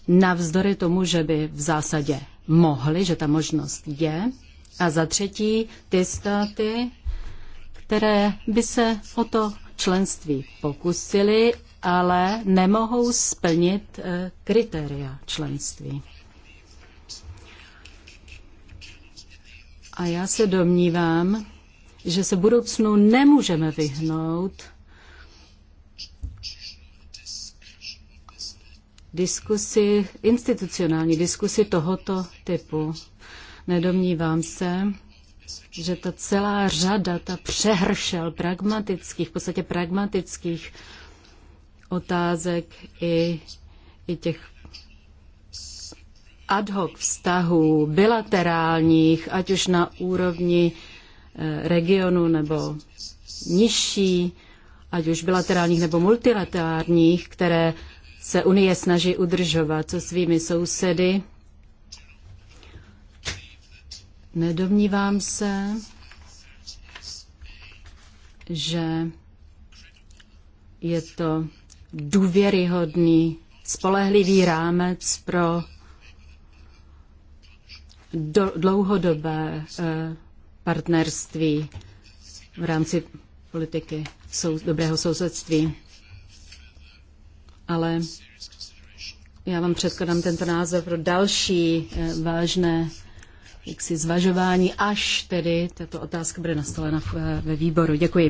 navzdory tomu, že by v zásadě mohli, že ta možnost je. A za třetí, ty státy, které by se o to členství pokusili, ale nemohou splnit eh, kritéria členství. A já se domnívám, že se budoucnu nemůžeme vyhnout diskusi, institucionální diskusi tohoto typu. Nedomnívám se, že ta celá řada, ta přehršel pragmatických, v podstatě pragmatických otázek i, i těch ad hoc vztahů, bilaterálních, ať už na úrovni regionu nebo nižší, ať už bilaterálních nebo multilaterálních, které se Unie snaží udržovat se svými sousedy. Nedomnívám se, že je to důvěryhodný, spolehlivý rámec pro do, dlouhodobé eh, partnerství v rámci politiky sou, dobrého sousedství. Ale já vám předkladám tento název pro další eh, vážné jaksi zvažování, až tedy tato otázka bude nastolena eh, ve výboru. Děkuji.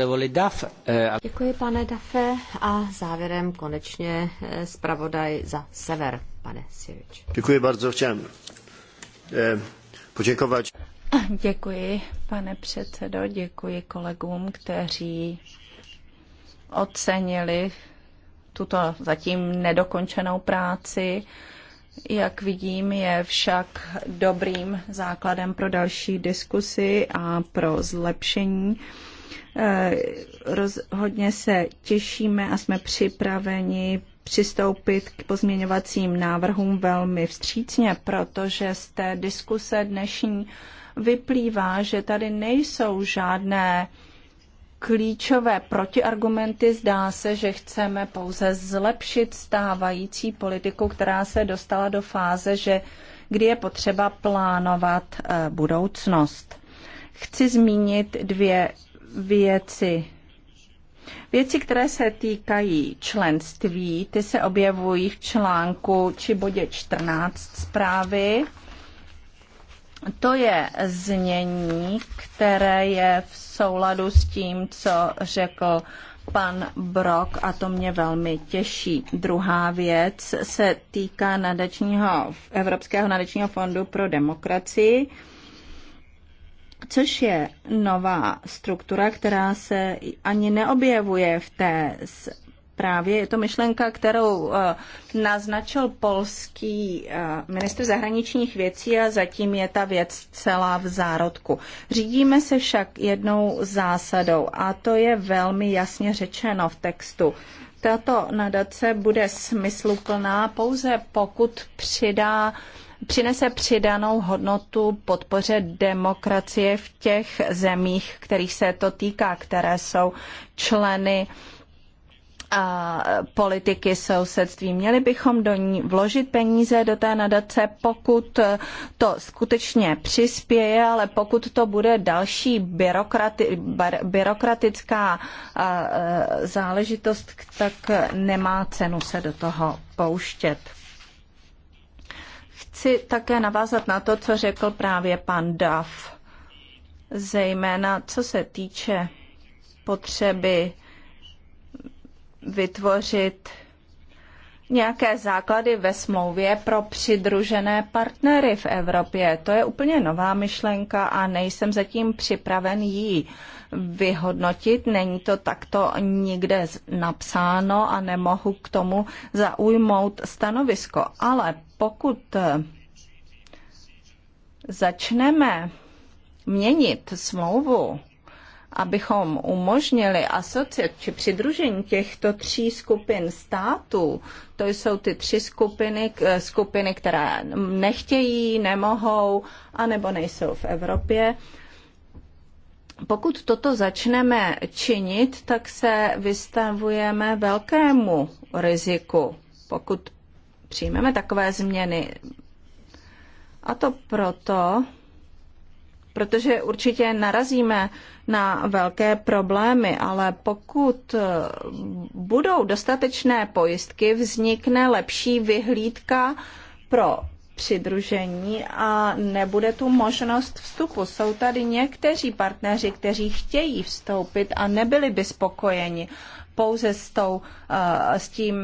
Děkuji, pane Dafe. A závěrem konečně eh, zpravodaj za sever, pane Sivič. Děkuji bardzo, chciałem poděkovat. Děkuji, pane předsedo, děkuji kolegům, kteří ocenili tuto zatím nedokončenou práci. Jak vidím, je však dobrým základem pro další diskusy a pro zlepšení. Eh, rozhodně se těšíme a jsme připraveni přistoupit k pozměňovacím návrhům velmi vstřícně, protože z té diskuse dnešní vyplývá, že tady nejsou žádné klíčové protiargumenty. Zdá se, že chceme pouze zlepšit stávající politiku, která se dostala do fáze, že kdy je potřeba plánovat eh, budoucnost. Chci zmínit dvě věci. Věci, které se týkají členství, ty se objevují v článku či bodě 14 zprávy. To je znění, které je v souladu s tím, co řekl pan Brok a to mě velmi těší. Druhá věc se týká nadačního, Evropského nadačního fondu pro demokracii, což je nová struktura, která se ani neobjevuje v té právě je to myšlenka, kterou eh, naznačil polský eh, ministr zahraničních věcí a zatím je ta věc celá v zárodku. Řídíme se však jednou zásadou a to je velmi jasně řečeno v textu. Tato nadace bude smysluplná pouze pokud přidá přinese přidanou hodnotu podpoře demokracie v těch zemích, kterých se to týká, které jsou členy uh, politiky sousedství. Měli bychom do ní vložit peníze do té nadace, pokud to skutečně přispěje, ale pokud to bude další byrokrati, byrokratická záležitost, tak nemá cenu se do toho pouštět. Chci také navázat na to, co řekl právě pan Duff, zejména co se týče potřeby vytvořit nějaké základy ve smlouvě pro přidružené partnery v Evropě. To je úplně nová myšlenka a nejsem zatím připraven ji vyhodnotit. Není to takto nikde napsáno a nemohu k tomu zaujmout stanovisko. Ale pokud eh, začneme měnit smlouvu abychom umožnili asociat či přidružení těchto tří skupin států, to jsou ty tři skupiny, skupiny, které nechtějí, nemohou, anebo nejsou v Evropě, pokud toto začneme činit, tak se vystavujeme velkému riziku, pokud přijmeme takové změny. A to proto, protože určitě narazíme na velké problémy, ale pokud eh, budou dostatečné pojistky, vznikne lepší vyhlídka pro přidružení a nebude tu možnost vstupu. Jsou tady někteří partneři, kteří chtějí vstoupit a nebyli by spokojeni pouze s tou, eh, s, tím,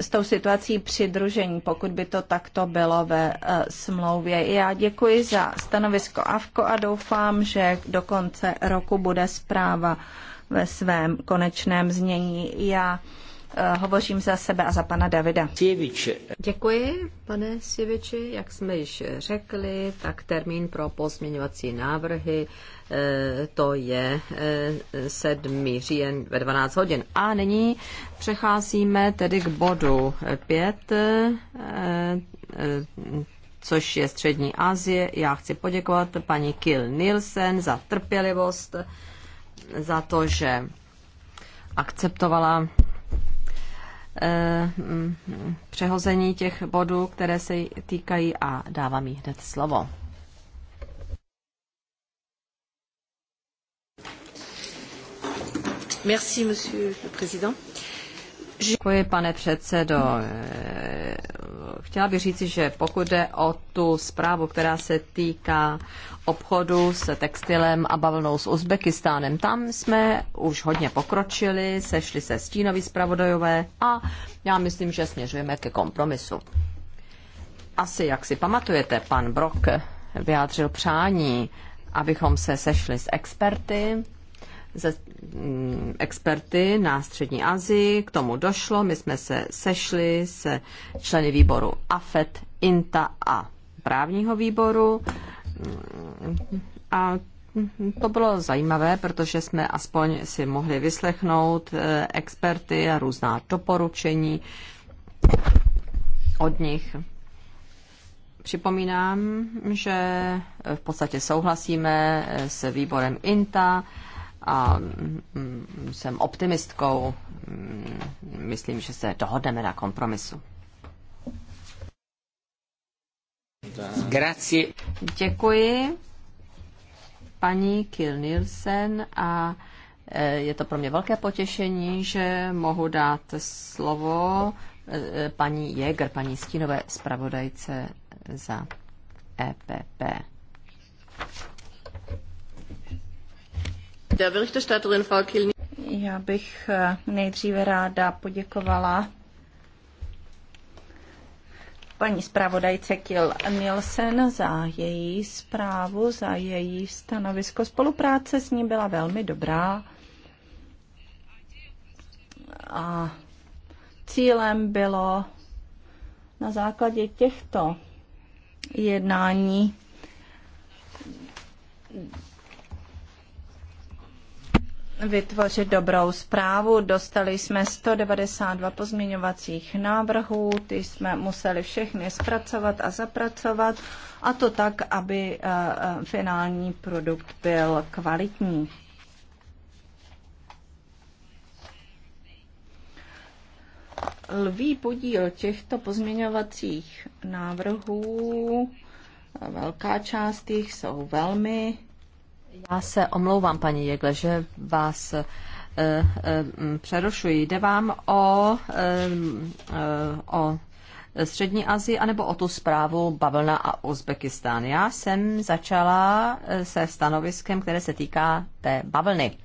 s tou situací přidružení, pokud by to takto bylo ve eh, smlouvě. Já děkuji za stanovisko AVKO a doufám, že do konce roku bude zpráva ve svém konečném znění. Já eh, hovořím za sebe a za pana Davida. Děkuji, pane Siviči. Jak jsme již řekli, tak termín pro pozměňovací návrhy Eh, to je 7. Eh, říjen ve 12 hodin. A nyní přecházíme tedy k bodu 5, eh, což je Střední Asie. Já chci poděkovat paní Kill Nielsen za trpělivost, za to, že akceptovala přehození těch bodů, které se týkají a dávám jí hned slovo. pane předsedo. Chtěla bych říci, že pokud jde o tu zprávu, která se týká obchodu s textilem a bavlnou s Uzbekistánem, tam jsme už hodně pokročili, sešli se stínoví zpravodajové a já myslím, že směřujeme ke kompromisu. Asi, jak si pamatujete, pan Brok vyjádřil přání, abychom se sešli s experty ze mm, experty na Střední Asii. K tomu došlo. My jsme se sešli se členy výboru AFET, INTA a právního výboru. A to bylo zajímavé, protože jsme aspoň si mohli vyslechnout eh, experty a různá doporučení od nich. Připomínám, že v podstatě souhlasíme eh, s výborem INTA, a mm, jsem optimistkou. Mm, myslím, že se dohodneme na kompromisu. Grazie. Děkuji paní Kil Nielsen a e, je to pro mě velké potěšení, že mohu dát slovo e, e, paní Jäger, paní Stínové zpravodajce za EPP. Já bych eh, nejdříve ráda poděkovala paní zpravodajce Kill Nielsen za její zprávu, za její stanovisko. Spolupráce s ní byla velmi dobrá. A cílem bylo na základě těchto jednání vytvořit dobrou zprávu. Dostali jsme 192 pozměňovacích návrhů, ty jsme museli všechny zpracovat a zapracovat, a to tak, aby eh, eh, finální produkt byl kvalitní. Lví podíl těchto pozměňovacích návrhů, velká část jich jsou velmi já se omlouvám, paní Jegle, že vás eh, eh, mm, přerušuji. Jde vám o, eh, o Střední Asii, anebo o tu zprávu Bavlna a Uzbekistán. Já jsem začala se stanoviskem, které se týká té bavlny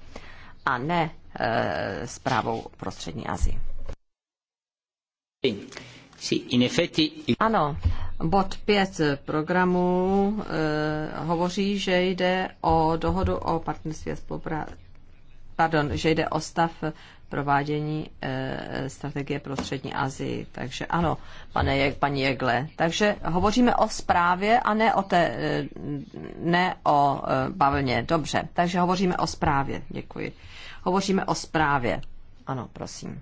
a ne e, zprávou pro Střední Asii. Ano, Bod 5 programu e, hovoří, že jde o dohodu o partnerství a spolupráci, pardon, že jde o stav provádění e, strategie pro střední Asii. Takže ano, pane, paní Jegle. Takže hovoříme o zprávě a ne o, té, e, ne o e, bavlně. Dobře, takže hovoříme o zprávě. Děkuji. Hovoříme o zprávě. Ano, prosím.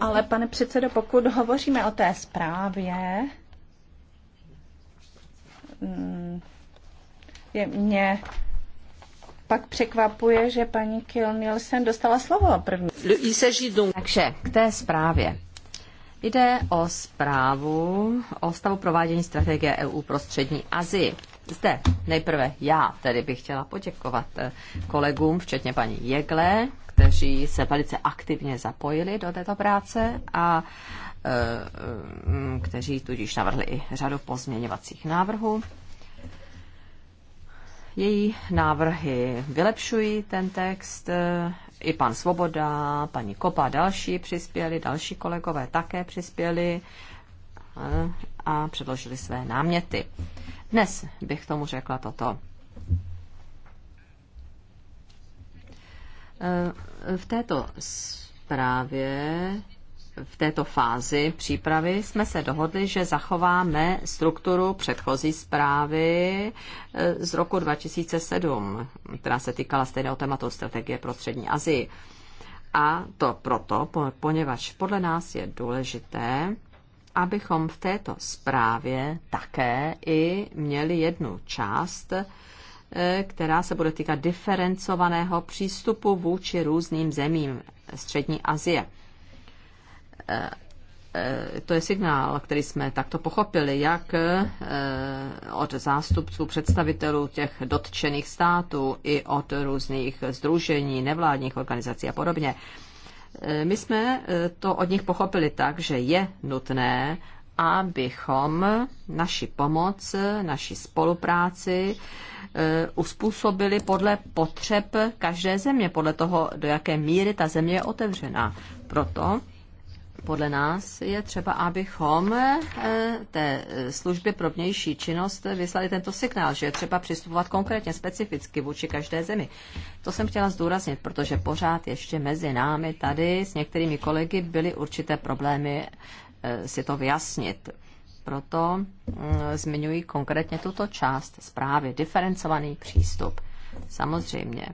Ale pane předsedo, pokud hovoříme o té zprávě, mm, je mě pak překvapuje, že paní Kiel Nielsen dostala slovo první. Takže k té zprávě. Jde o zprávu o stavu provádění strategie EU pro střední Azii. Zde nejprve já tedy bych chtěla poděkovat eh, kolegům, včetně paní Jegle, kteří se velice aktivně zapojili do této práce a eh, kteří tudíž navrhli i řadu pozměňovacích návrhů. Její návrhy vylepšují ten text, eh, i pan Svoboda, paní Kopa další přispěli, další kolegové také přispěli a předložili své náměty. Dnes bych tomu řekla toto. Eh, v této zprávě, v této fázi přípravy jsme se dohodli, že zachováme strukturu předchozí zprávy eh, z roku 2007, která se týkala stejného tématu strategie pro střední Azii. A to proto, poněvadž podle nás je důležité, abychom v této zprávě také i měli jednu část, eh, která se bude týkat diferencovaného přístupu vůči různým zemím Střední Asie. Eh, eh, to je signál, který jsme takto pochopili, jak od zástupců představitelů těch dotčených států i od různých združení, nevládních organizací a podobně. Eh, my jsme eh, to od nich pochopili tak, že je nutné, abychom naši pomoc, eh, naši spolupráci uspůsobili podle potřeb každé země, podle toho, do jaké míry ta země je otevřená. Proto podle nás je třeba, abychom eh, té službě pro vnější činnost vyslali tento signál, že je třeba přistupovat konkrétně, specificky vůči každé zemi. To jsem chtěla zdůraznit, protože pořád ještě mezi námi tady s některými kolegy byly určité problémy eh, si to vyjasnit. Proto mm, zmiňuji konkrétně tuto část zprávy, diferencovaný přístup. Samozřejmě,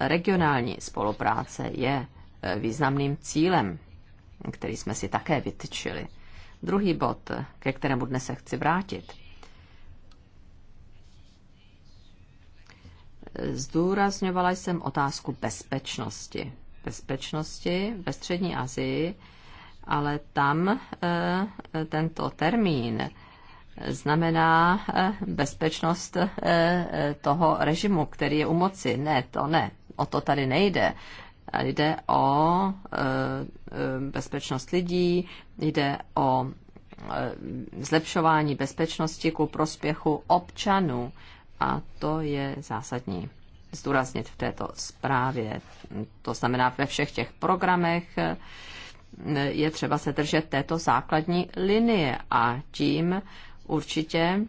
regionální spolupráce je eh, významným cílem který jsme si také vytyčili. Druhý bod, ke kterému dnes se chci vrátit, zdůrazňovala jsem otázku bezpečnosti. Bezpečnosti ve Střední Asii, ale tam eh, tento termín znamená eh, bezpečnost eh, toho režimu, který je u moci. Ne, to ne. O to tady nejde. Jde o eh, bezpečnost lidí, jde o eh, zlepšování bezpečnosti ku prospěchu občanů. A to je zásadní zdůraznit v této zprávě. To znamená, ve všech těch programech eh, je třeba se držet této základní linie a tím určitě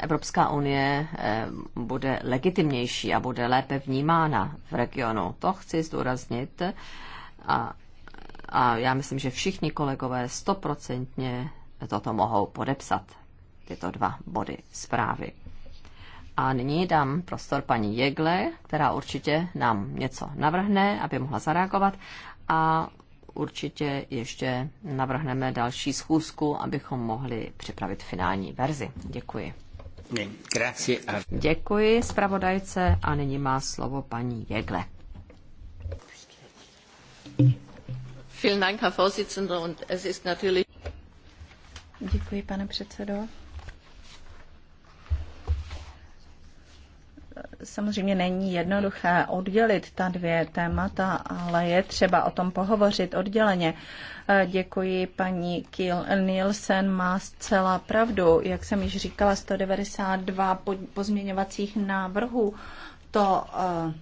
Evropská unie eh, bude legitimnější a bude lépe vnímána v regionu. To chci zdůraznit a, a já myslím, že všichni kolegové stoprocentně toto mohou podepsat, tyto dva body zprávy. A nyní dám prostor paní Jegle, která určitě nám něco navrhne, aby mohla zareagovat a určitě ještě navrhneme další schůzku, abychom mohli připravit finální verzi. Děkuji. Děkuji zpravodajce a nyní má slovo paní Jegle. Děkuji, pane předsedo. samozřejmě není jednoduché oddělit ta dvě témata, ale je třeba o tom pohovořit odděleně. Eh, děkuji paní Kiel Nielsen, má zcela pravdu. Jak jsem již říkala, 192 pozměňovacích návrhů to eh,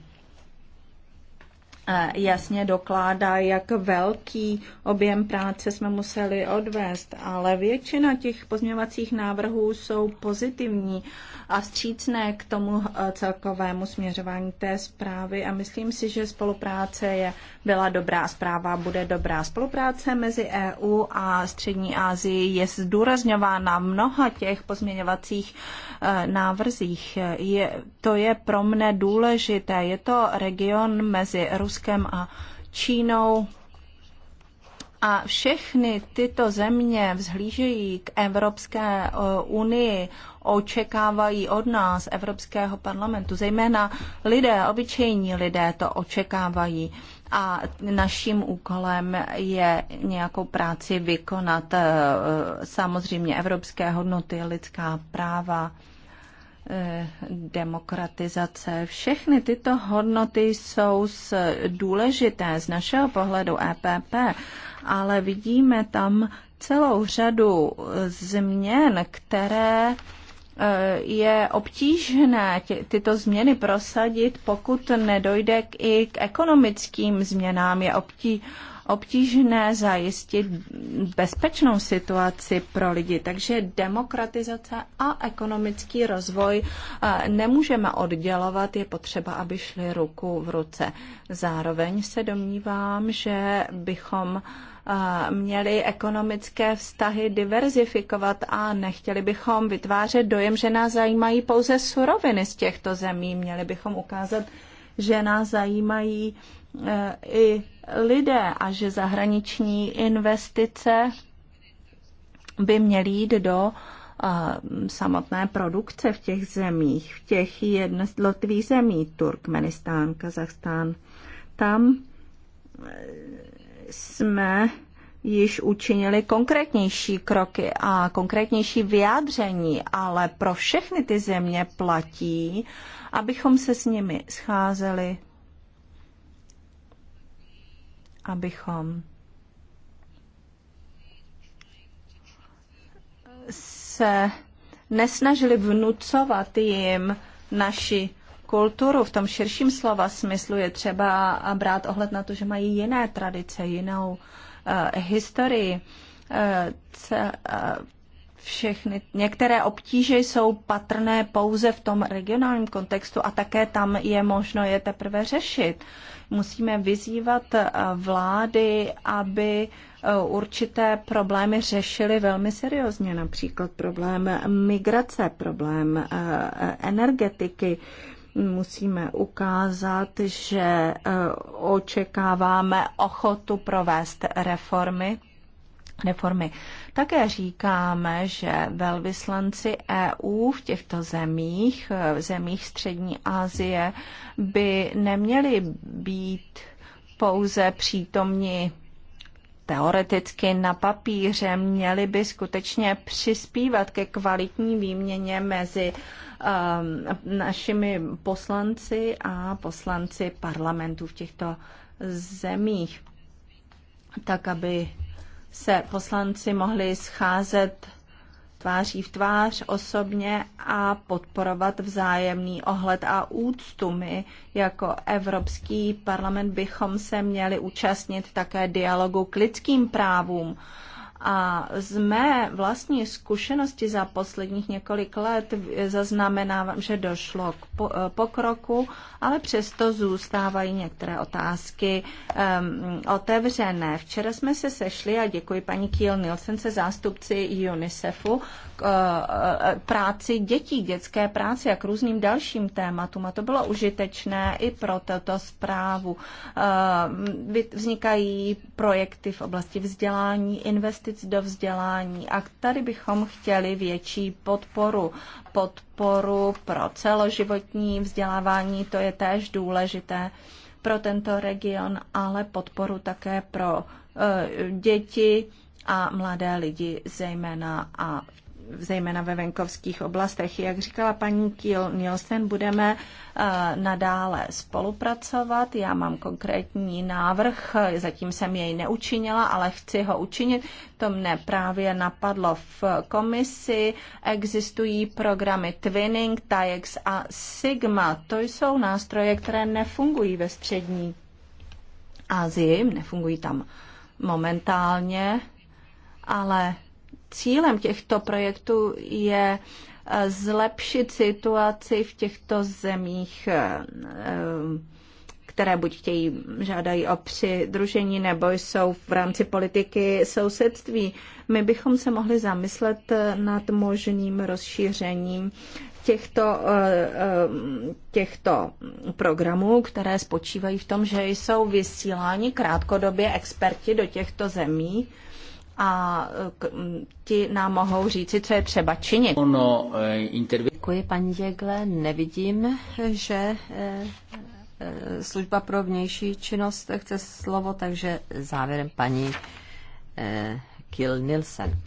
jasně dokládá, jak velký objem práce jsme museli odvést, ale většina těch pozměňovacích návrhů jsou pozitivní a střícné k tomu eh, celkovému směřování té zprávy a myslím si, že spolupráce je, byla dobrá zpráva, bude dobrá. Spolupráce mezi EU a Střední Asii je zdůrazňována mnoha těch pozměňovacích eh, návrzích. Je, to je pro mne důležité. Je to region mezi Rus. Ruskem a Čínou. A všechny tyto země vzhlížejí k Evropské eh, unii, očekávají od nás, Evropského parlamentu, zejména lidé, obyčejní lidé to očekávají. A naším úkolem je nějakou práci vykonat eh, samozřejmě evropské hodnoty, lidská práva. Eh, demokratizace. Všechny tyto hodnoty jsou z důležité z našeho pohledu EPP, ale vidíme tam celou řadu eh, změn, které eh, je obtížné tě, tyto změny prosadit, pokud nedojde k, i k ekonomickým změnám. Je obtí, obtížné zajistit bezpečnou situaci pro lidi. Takže demokratizace a ekonomický rozvoj eh, nemůžeme oddělovat, je potřeba, aby šly ruku v ruce. Zároveň se domnívám, že bychom eh, měli ekonomické vztahy diverzifikovat a nechtěli bychom vytvářet dojem, že nás zajímají pouze suroviny z těchto zemí. Měli bychom ukázat, že nás zajímají i lidé a že zahraniční investice by měly jít do samotné produkce v těch zemích, v těch jednotlivých zemích, Turkmenistán, Kazachstán. Tam e, jsme již učinili konkrétnější kroky a konkrétnější vyjádření, ale pro všechny ty země platí, abychom se s nimi scházeli abychom se nesnažili vnucovat jim naši kulturu v tom širším slova smyslu je třeba brát ohled na to, že mají jiné tradice, jinou uh, historii. Uh, všechny, některé obtíže jsou patrné pouze v tom regionálním kontextu a také tam je možno je teprve řešit. Musíme vyzývat eh, vlády, aby eh, určité problémy řešily velmi seriózně, například problém migrace, problém eh, energetiky, musíme ukázat, že očekáváme ochotu provést reformy. Reformy také říkáme, že velvyslanci EU v těchto zemích, v zemích Střední Asie, by neměli být pouze přítomni teoreticky na papíře, měli by skutečně přispívat ke kvalitní výměně mezi ehm, našimi poslanci a poslanci parlamentů v těchto zemích, tak aby se poslanci mohli scházet tváří v tvář osobně a podporovat vzájemný ohled a úctu. My jako Evropský parlament bychom se měli účastnit také dialogu k lidským právům a z mé vlastní zkušenosti za posledních několik let zaznamenávám, že došlo k eh, pokroku, ale přesto zůstávají některé otázky um, otevřené. Včera jsme se sešli a děkuji paní Kiel Nielsen se zástupci UNICEFu k uh, práci dětí, dětské práci a k různým dalším tématům. A to bylo užitečné i pro tuto zprávu. Uh, vznikají projekty v oblasti vzdělání, investice investic do vzdělání. A tady bychom chtěli větší podporu. Podporu pro celoživotní vzdělávání, to je též důležité pro tento region, ale podporu také pro eh, děti a mladé lidi zejména a v zejména ve venkovských oblastech. Jak říkala paní Kiel Nielsen, budeme eh, nadále spolupracovat. Já mám konkrétní návrh, zatím jsem jej neučinila, ale chci ho učinit. To mne právě napadlo v komisi. Existují programy Twinning, TAEX a Sigma. To jsou nástroje, které nefungují ve střední Asii, nefungují tam momentálně, ale Cílem těchto projektů je eh, zlepšit situaci v těchto zemích, eh, eh, které buď chtějí, žádají o přidružení nebo jsou v rámci politiky sousedství. My bychom se mohli zamyslet nad možným rozšířením těchto, těchto programů, které spočívají v tom, že jsou vysíláni krátkodobě experti do těchto zemí a eh, ti nám mohou říci, co je třeba činit. Ono, eh, Děkuji, paní Jegle. Nevidím, že eh, služba pro vnější činnost chce slovo, takže závěrem paní Kill Nielsen.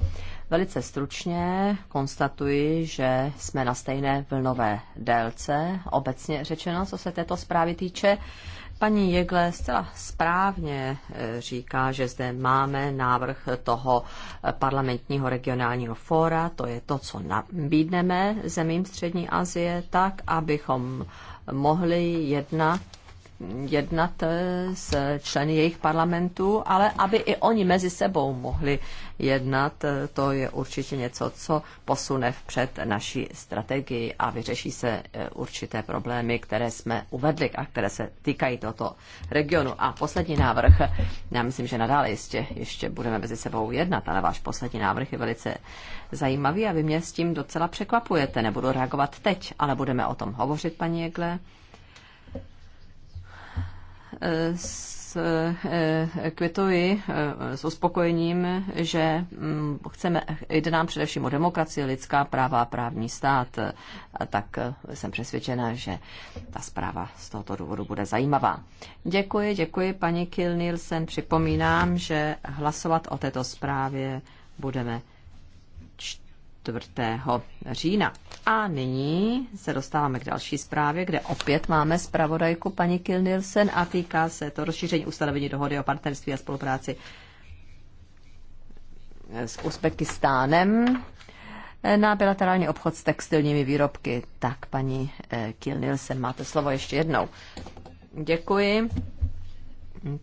Velice stručně konstatuji, že jsme na stejné vlnové délce, obecně řečeno, co se této zprávy týče. Paní Jegle zcela správně eh, říká, že zde máme návrh toho eh, parlamentního regionálního fóra, to je to, co nabídneme zemím Střední Asie, tak, abychom mohli jednat jednat eh, s členy jejich parlamentů, ale aby i oni mezi sebou mohli jednat, eh, to je určitě něco, co posune vpřed naší strategii a vyřeší se eh, určité problémy, které jsme uvedli a které se týkají tohoto regionu. A poslední návrh, já myslím, že nadále jistě ještě budeme mezi sebou jednat, ale váš poslední návrh je velice zajímavý a vy mě s tím docela překvapujete. Nebudu reagovat teď, ale budeme o tom hovořit, paní Jegle s, eh, kvituji eh, s uspokojením, že mm, chceme, jde nám především o demokracii, lidská práva a právní stát, tak eh, jsem přesvědčena, že ta zpráva z tohoto důvodu bude zajímavá. Děkuji, děkuji paní Kill Nielsen. Připomínám, že hlasovat o této zprávě budeme 4. října. A nyní se dostáváme k další zprávě, kde opět máme zpravodajku paní Kilnilsen a týká se to rozšíření ustanovení dohody o partnerství a spolupráci s Uzbekistánem na bilaterální obchod s textilními výrobky. Tak, paní eh, Kilnilsen, máte slovo ještě jednou. Děkuji.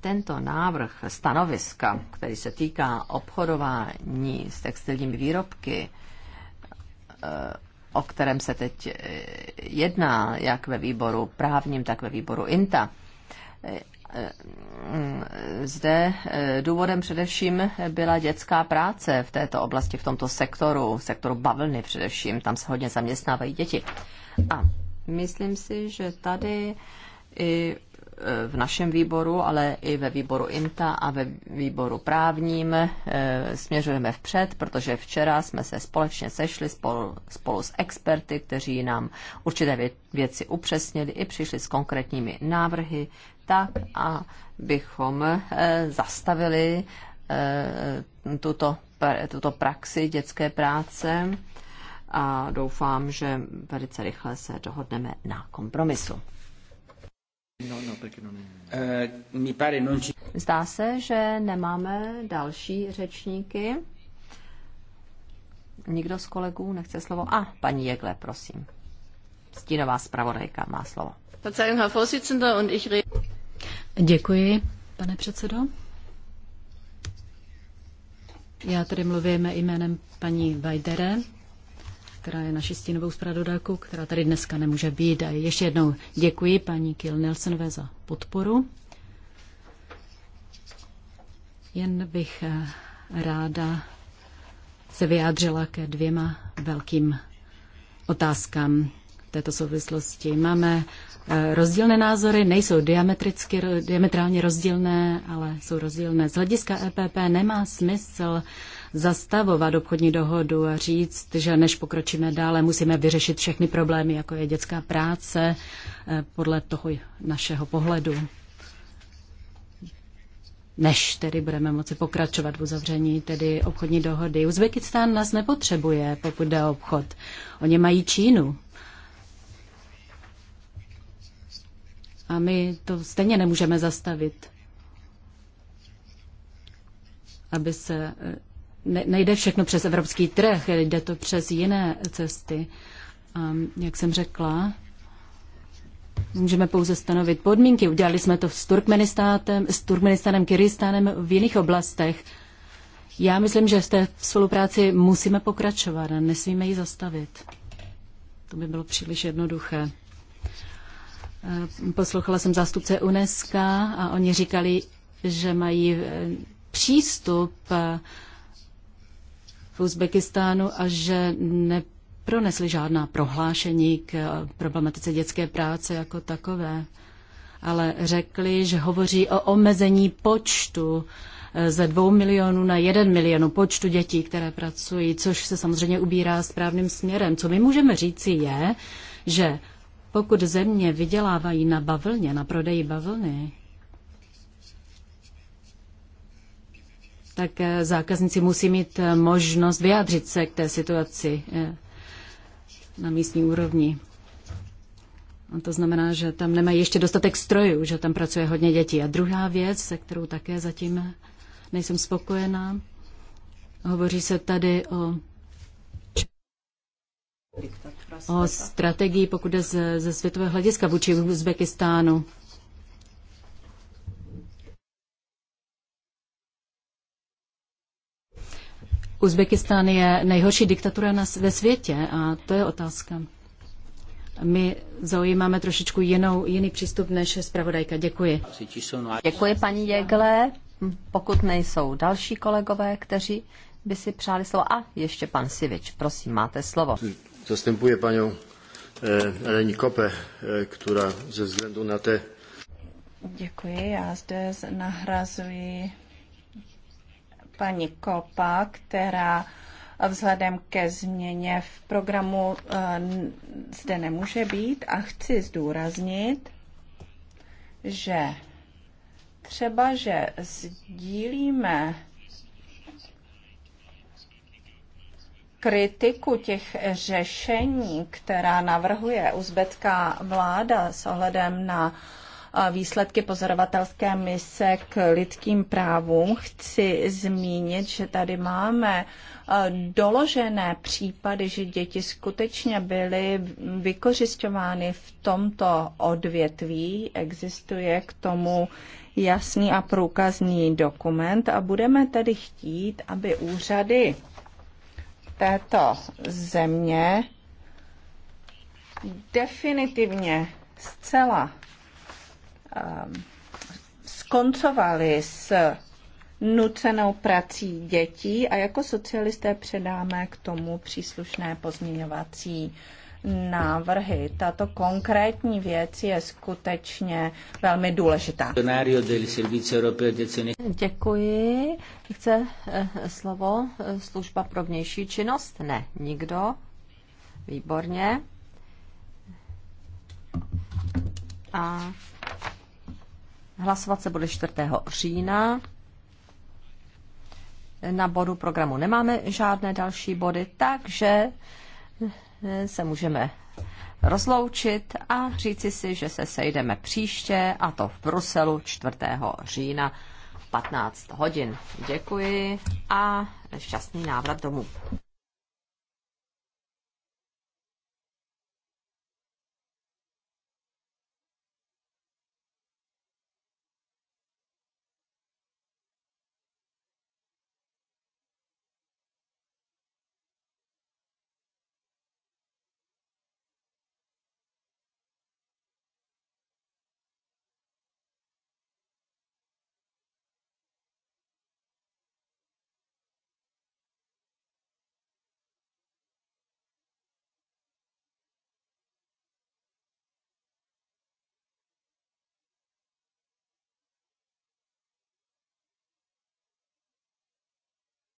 Tento návrh stanoviska, který se týká obchodování s textilními výrobky, eh, o kterém se teď eh, jedná, jak ve výboru právním, tak ve výboru INTA. Eh, eh, zde důvodem především byla dětská práce v této oblasti, v tomto sektoru, sektoru bavlny především, tam se hodně zaměstnávají děti. A myslím si, že tady i v našem výboru, ale i ve výboru INTA a ve výboru právním eh, směřujeme vpřed, protože včera jsme se společně sešli spolu, spolu s experty, kteří nám určité věci upřesnili i přišli s konkrétními návrhy, tak abychom eh, zastavili eh, tuto, tuto praxi dětské práce a doufám, že velice rychle se dohodneme na kompromisu. No, no, eh, Zdá se, že nemáme další řečníky. Nikdo z kolegů nechce slovo? A, ah, paní Jegle, prosím. Stínová zpravodajka má slovo. Děkuji, pane předsedo. Já tedy mluvím jménem paní Vajdere, která je naší stínovou zpravodajkou, která tady dneska nemůže být. A ještě jednou děkuji paní Kil Nelsonové za podporu. Jen bych eh, ráda se vyjádřila ke dvěma velkým otázkám v této souvislosti. Máme eh, rozdílné názory, nejsou diametricky, diametrálně rozdílné, ale jsou rozdílné. Z hlediska EPP nemá smysl zastavovat obchodní dohodu a říct, že než pokročíme dále, musíme vyřešit všechny problémy, jako je dětská práce, eh, podle toho našeho pohledu. Než tedy budeme moci pokračovat v uzavření tedy obchodní dohody. Uzbekistán nás nepotřebuje, pokud jde o obchod. Oni mají Čínu. A my to stejně nemůžeme zastavit aby se eh, nejde všechno přes evropský trh, jde to přes jiné cesty. A jak jsem řekla, můžeme pouze stanovit podmínky. Udělali jsme to s Turkmenistánem, s Turkmenistánem, Kyrgyzstánem v jiných oblastech. Já myslím, že v té spolupráci musíme pokračovat a nesmíme ji zastavit. To by bylo příliš jednoduché. Eh, poslouchala jsem zástupce UNESCO a oni říkali, že mají eh, přístup eh, v Uzbekistánu a že nepronesli žádná prohlášení k eh, problematice dětské práce jako takové, ale řekli, že hovoří o omezení počtu eh, ze dvou milionů na jeden milionu počtu dětí, které pracují, což se samozřejmě ubírá správným směrem. Co my můžeme říci je, že pokud země vydělávají na bavlně, na prodeji bavlny, tak eh, zákazníci musí mít eh, možnost vyjádřit se k té situaci eh, na místní úrovni. A to znamená, že tam nemají ještě dostatek strojů, že tam pracuje hodně dětí. A druhá věc, se kterou také zatím nejsem spokojená, hovoří se tady o o strategii, pokud jde ze, ze světového hlediska vůči Uzbekistánu. Uzbekistán je nejhorší diktatura ve světě a to je otázka. My zaujímáme trošičku jinou, jiný přístup než zpravodajka. Děkuji. Děkuji, paní Jegle. Pokud nejsou další kolegové, kteří by si přáli slovo. A ještě pan Sivič, prosím, máte slovo. Zastępuję panią eh, Eleni Kopę, eh, která ze względu na te... Děkuji, já zde nahrazuji paní Kopa, která vzhledem ke změně v programu eh, zde nemůže být a chci zdůraznit, že třeba, že sdílíme kritiku těch řešení, která navrhuje uzbecká vláda s ohledem na výsledky pozorovatelské mise k lidským právům, chci zmínit, že tady máme eh, doložené případy, že děti skutečně byly vykořišťovány v tomto odvětví. Existuje k tomu jasný a průkazný dokument a budeme tedy chtít, aby úřady této země definitivně zcela Um, skoncovali s nucenou prací dětí a jako socialisté předáme k tomu příslušné pozměňovací návrhy. Tato konkrétní věc je skutečně velmi důležitá. Děkuji. Chce eh, slovo eh, služba pro vnější činnost? Ne, nikdo. Výborně. A Hlasovat se bude 4. října. Na bodu programu nemáme žádné další body, takže se můžeme rozloučit a říci si, že se sejdeme příště, a to v Bruselu 4. října 15 hodin. Děkuji a šťastný návrat domů.